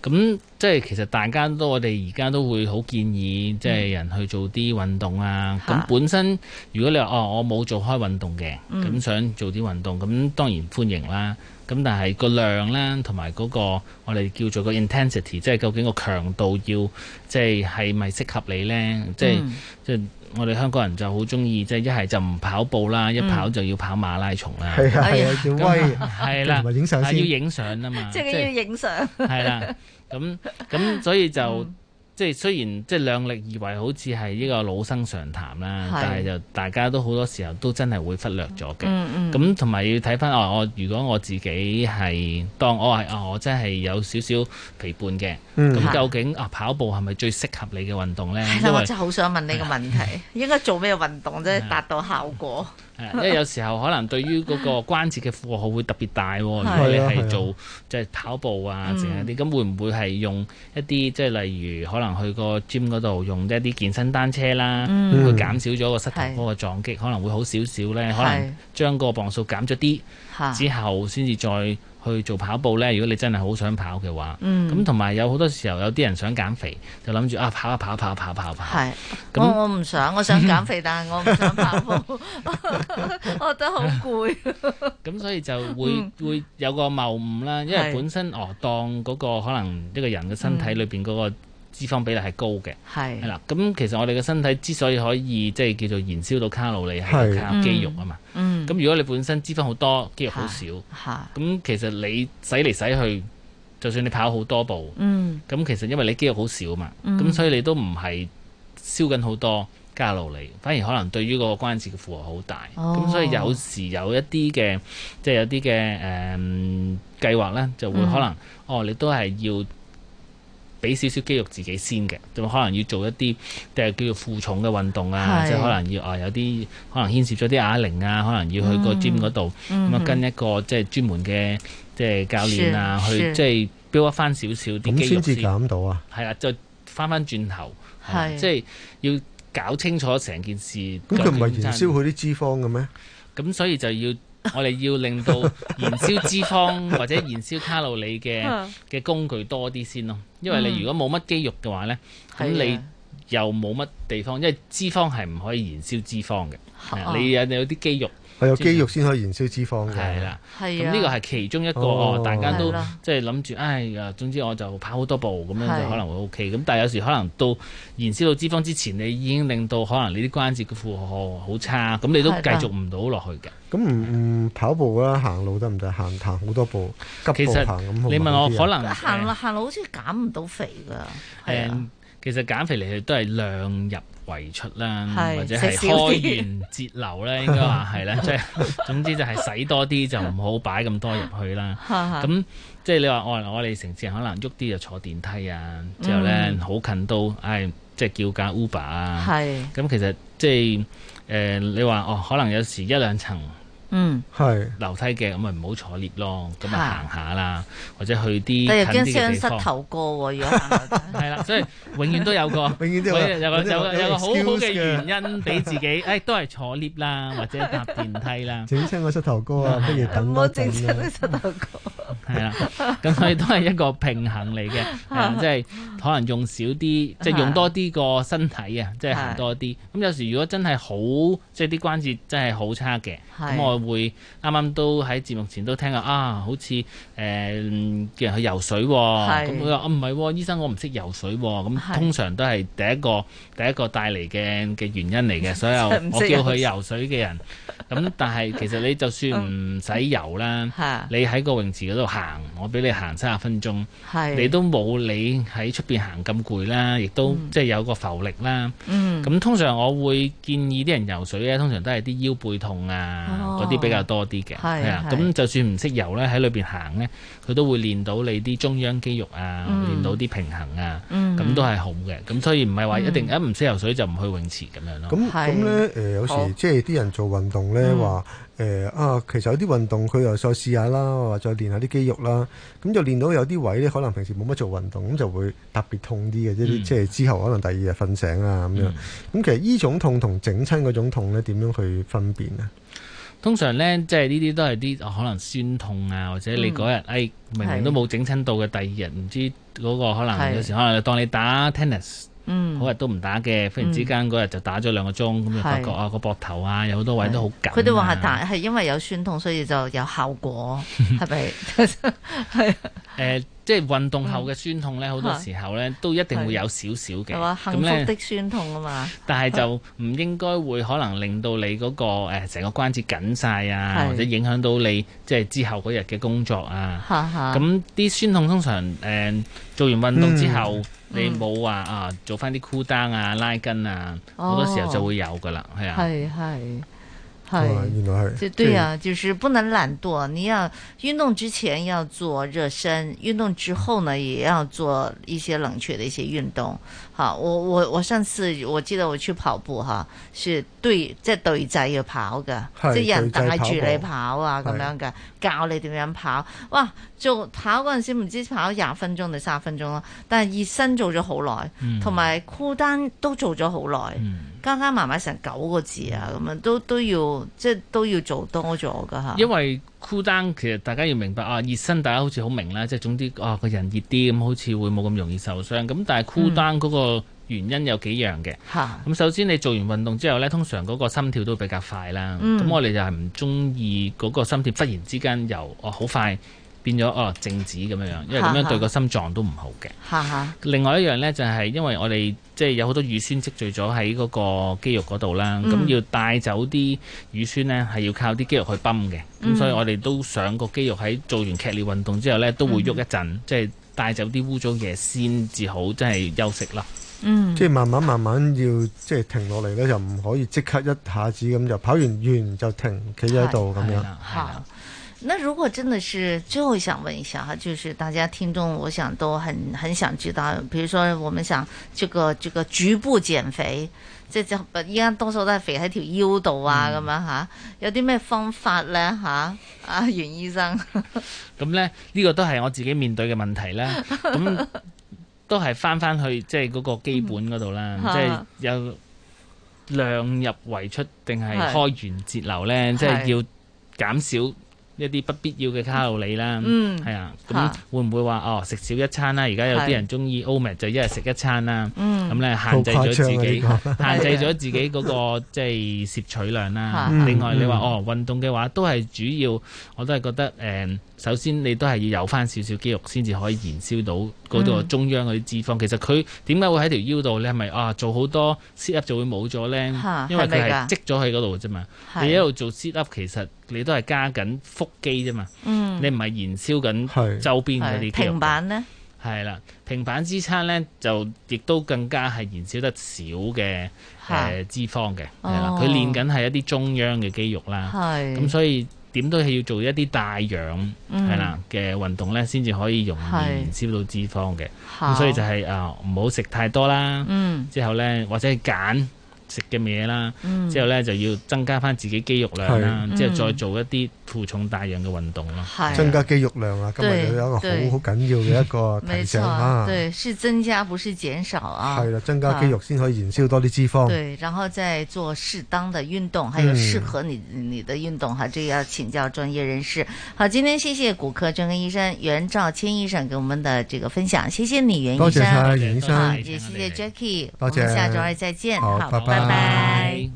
咁即係其實大家都我哋而家都會好建議即係人去做啲運動啊。咁、嗯、本身如果你話哦，我冇做開運動嘅，咁、嗯、想做啲運動，咁當然歡迎啦。咁但係、個量啦，同埋嗰個我哋叫做個 intensity，即係究竟個強度要即係係咪適合你咧？即係即係我哋香港人就好中意即係一係就唔跑步啦，一跑就要跑馬拉松啦。係、嗯、啊、哎哎，要威，係啦，影相先，要影相啊嘛，即、就、係、是、要影相，係、就、啦、是。 咁、嗯、咁所以就、嗯、即係雖然即係量力而為，好似係呢個老生常談啦，但係就大家都好多時候都真係會忽略咗嘅。咁同埋要睇翻啊，我如果我自己係當我係啊、哦，我真係有少少疲憊嘅。咁、嗯、究竟啊跑步係咪最適合你嘅運動呢？係啦，我真係好想問你個問題，啊、應該做咩運動啫、啊？達到效果。 因為有時候可能對於嗰個關節嘅負荷會特別大， 如果你係做即係跑步啊，剩係啲咁，會唔會係用一啲即係例如可能去個 gym 嗰度用一啲健身單車啦，會、嗯、減少咗個膝頭哥嘅撞擊，可能會好少少咧，可能將個磅數減咗啲之後，先至再，去做跑步呢，如果你真係好想跑嘅話，咁同埋有好多時候有啲人想減肥，就諗住啊跑啊跑啊跑啊跑啊跑啊，係咁。我我唔想，我想減肥，嗯、但係我唔想跑步， 我覺得好攰、啊。咁、啊、所以就會、嗯、會有個謬誤啦，因為本身哦當嗰個可能一個人嘅身體裏邊嗰個，脂肪比例係高嘅，係啦。咁其實我哋嘅身體之所以可以即係、就是、叫做燃燒到卡路里，係靠肌肉啊嘛。嗯。咁如果你本身脂肪好多，肌肉好少，咁其實你使嚟使去、嗯，就算你跑好多步，咁、嗯、其實因為你肌肉好少啊嘛，咁、嗯、所以你都唔係燒緊好多卡路里，反而可能對於個關節嘅負荷好大。哦。咁所以有時有一啲嘅，即、就、係、是、有啲嘅誒計劃咧，就會可能，嗯、哦，你都係要。俾少少肌肉自己先嘅，就可能要做一啲，即係叫做負重嘅運動啊，即係可能要啊有啲可能牽涉咗啲啞鈴啊，可能要去個 gym 度，咁、嗯、啊跟一個即係專門嘅即係教練啊，去即係 build 翻少少啲肌肉先。咁先至減到啊？係啦，就翻翻轉頭，係、嗯、即係要搞清楚成件事。咁佢唔係燃燒佢啲脂肪嘅咩？咁所以就要。 我哋要令到燃燒脂肪或者燃燒卡路里嘅嘅工具多啲先咯，因為你如果冇乜肌肉嘅話呢，咁你又冇乜地方，因為脂肪係唔可以燃燒脂肪嘅，你有有啲肌肉。係有肌肉先可以燃燒脂肪嘅，係啦。咁呢個係其中一個，大家都即係諗住，唉呀，總之我就跑好多步，咁樣就可能會 OK。咁但係有時可能到燃燒到脂肪之前，你已經令到可能你啲關節嘅負荷好差，咁你都繼續唔到落去嘅。咁唔唔跑步啦，行路得唔得？行行好多步，急步行咁，其實你問我可能行行路好似減唔到肥㗎。其實減肥嚟去都係量入為出啦，或者係開源節流啦，應該話係啦。即、 就是、總之就係使多啲就唔好擺咁多入去啦。咁即係你話我哋城市人可能喐啲就坐電梯啊、嗯，之後咧好近都，唉、哎，即、就、係、是、叫架 Uber 啊。咁其實即係、就是呃、你話哦，可能有時一兩層。嗯，係樓梯嘅，咁咪唔好坐 lift 咯，咁咪行下啦，或者去啲近啲嘅地方。但係又驚傷膝頭哥喎，如果行下。係 啦，所以永遠都有個，永遠都有有個有個，有有個很好好嘅原因俾自己，誒、哎，都係坐 lift 啦， 或者搭電梯啦。整親個膝頭哥啊，不如等多一我整親個膝頭哥、啊。係 啦，咁所以都係一個平衡嚟嘅、 嗯，即係可能用少啲，即係用多啲個身體啊，即係行多啲。咁有時如果真係好，即係啲關節真係好差嘅，咁我。會啱啱都喺節目前都聽啊，啊，好似～誒、呃、叫人去游水喎、哦，咁佢話啊唔係、哦，醫生我唔識游水喎、哦。咁、嗯、通常都係第一個第一個帶嚟嘅嘅原因嚟嘅。所以，我叫佢游水嘅人。咁 但係其實你就算唔使游啦，嗯、你喺個泳池嗰度行，我俾你行三十分鐘，你都冇你喺出邊行咁攰啦，亦都、嗯、即係有個浮力啦。咁、嗯嗯嗯、通常我會建議啲人游水咧，通常都係啲腰背痛啊嗰啲、哦、比較多啲嘅。係啊，咁就算唔識游咧，喺裏邊行咧。佢都會練到你啲中央肌肉啊，嗯、練到啲平衡啊，咁、嗯、都係好嘅。咁、嗯、所以唔係話一定、嗯、一唔識游水就唔去泳池咁樣咯。咁咁咧，誒是、呃、有時、哦、即係啲人做運動咧話，誒、呃、啊，其實有啲運動佢又再試下啦，或者再練下啲肌肉啦。咁就練到有啲位咧，可能平時冇乜做運動，咁就會特別痛啲嘅。即係之、嗯、後可能第二日瞓醒啊咁樣。咁、嗯、其實呢種痛同整親嗰種痛咧，點樣去分辨咧？通常咧，即係呢啲都係啲可能酸痛啊，或者你嗰日、嗯、哎明明都冇整親到嘅，第二日，唔知嗰個可能有時可能當你打 tennis，嗯，好日都唔打嘅，忽然之間嗰日就打咗兩個鐘，咁、嗯、就發覺啊個膊頭啊有好多位都好緊、啊。佢哋話係打係因為有酸痛，所以就有效果，係 咪是吧？ 即係運動後嘅酸痛咧，好多時候咧都一定會有少少嘅。咁、嗯、幸福的酸痛啊嘛！ 但係就唔應該會可能令到你嗰個成個關節緊晒啊，或者影響到你即係之後嗰日嘅工作啊。咁啲酸痛通常誒、呃、做完運動之後，嗯、你冇話啊、嗯、做翻啲 cool down 啊拉筋啊，好、哦、多時候就會有噶啦，係啊。係係。係，就對呀、啊，就是不能懶惰，你要運動之前要做熱身，運動之後呢，也要做一些冷卻的一些運動。好，我我我上次我記得我去跑步哈，是對即係對仔要跑噶，即係人帶住你跑啊咁樣嘅，教你點樣跑。哇，做跑嗰陣時唔知跑廿分鐘定三十分鐘咯，但係熱身做咗好耐，同埋 cool down 都做咗好耐。嗯加加埋埋成九個字啊！咁啊，都都要即係都要做多咗噶嚇。因為 cool down 其實大家要明白啊，熱身大家好似好明啦，即係總之啊，個人熱啲咁，好似會冇咁容易受傷。咁但係 cool down 嗰個原因有幾樣嘅。嚇、嗯！咁首先你做完運動之後咧，通常嗰個心跳都比較快啦。咁、嗯、我哋就係唔中意嗰個心跳忽然之間又哦好快。變咗哦靜止咁樣，因為咁樣對個心臟都唔好嘅。另外一樣呢，就係因為我哋即係有好多乳酸積聚咗喺嗰個肌肉嗰度啦，咁、嗯、要帶走啲乳酸呢，係要靠啲肌肉去泵嘅。咁、嗯、所以我哋都想個肌肉喺做完劇烈運動之後呢，都會喐一陣，即係帶走啲污糟嘢先至好，即係休息啦。嗯，即係慢慢慢慢要即係停落嚟呢，就唔可以即刻一下子咁就跑完完就停，企咗喺度咁樣。那如果真的是最後想問一下哈，就是大家聽眾，我想都很很想知道，譬如說我們想這個這個局部減肥，即係就依家多數都係肥喺條腰度啊，咁樣吓，有啲咩方法咧吓？阿、啊、袁醫生，咁咧呢個都係我自己面對嘅問題啦，咁都係返返去即係嗰個基本嗰度啦，即、嗯、係、就是、有量入為出定係、嗯、開源節流咧，即係、就是、要減少。一啲不必要嘅卡路里啦，係、嗯、啊，咁會唔會話哦食少一餐啦？而家有啲人中意 OMAD 就一日食一餐啦，咁咧、嗯、限制咗自己，啊、限制咗自己嗰、那個 即係攝取量啦。嗯、另外你話、嗯、哦運動嘅話都係主要，我都係覺得誒。呃首先，你都係要有翻少少肌肉，先至可以燃燒到嗰個中央嗰啲脂肪。嗯、其實佢點解會喺條腰度？你係咪啊，做好多 sit up 就會冇咗咧？因為佢係積咗喺嗰度嘅啫嘛。你一度做 sit up，其實你都係加緊腹肌啫嘛。嗯、你唔係燃燒緊周邊嗰啲肌肉。平板咧，係啦，平板支撐咧，就亦都更加係燃燒得少嘅誒、呃、脂肪嘅。係啦，佢、哦、練緊係一啲中央嘅肌肉啦。係咁，所以。點都係要做一啲帶氧係啦嘅運動咧，先至可以容易燃燒到脂肪嘅。咁、嗯、所以就係啊，唔好食太多啦、嗯。之後咧，或者係揀食嘅嘢啦。之後咧，就要增加翻自己肌肉量啦、嗯。之後再做一啲。負重大量的運動咯、啊，增加肌肉量啊，今日有一個好好緊要嘅一個提醒啦、啊。對，是增加，不是減少啊。係啦、啊，增加肌肉先可以燃燒多啲脂肪。對，然後再做適當的運動，還有適合你的運、嗯、合你的運動，哈，這要請教專業人士。好，今天謝謝骨科專科醫生袁劭謙醫生給我們的這個分享，謝謝你袁醫生。多謝啊袁醫生。好，也謝謝 Jackie。多謝。我們下周二再見。好，拜拜。Bye bye bye bye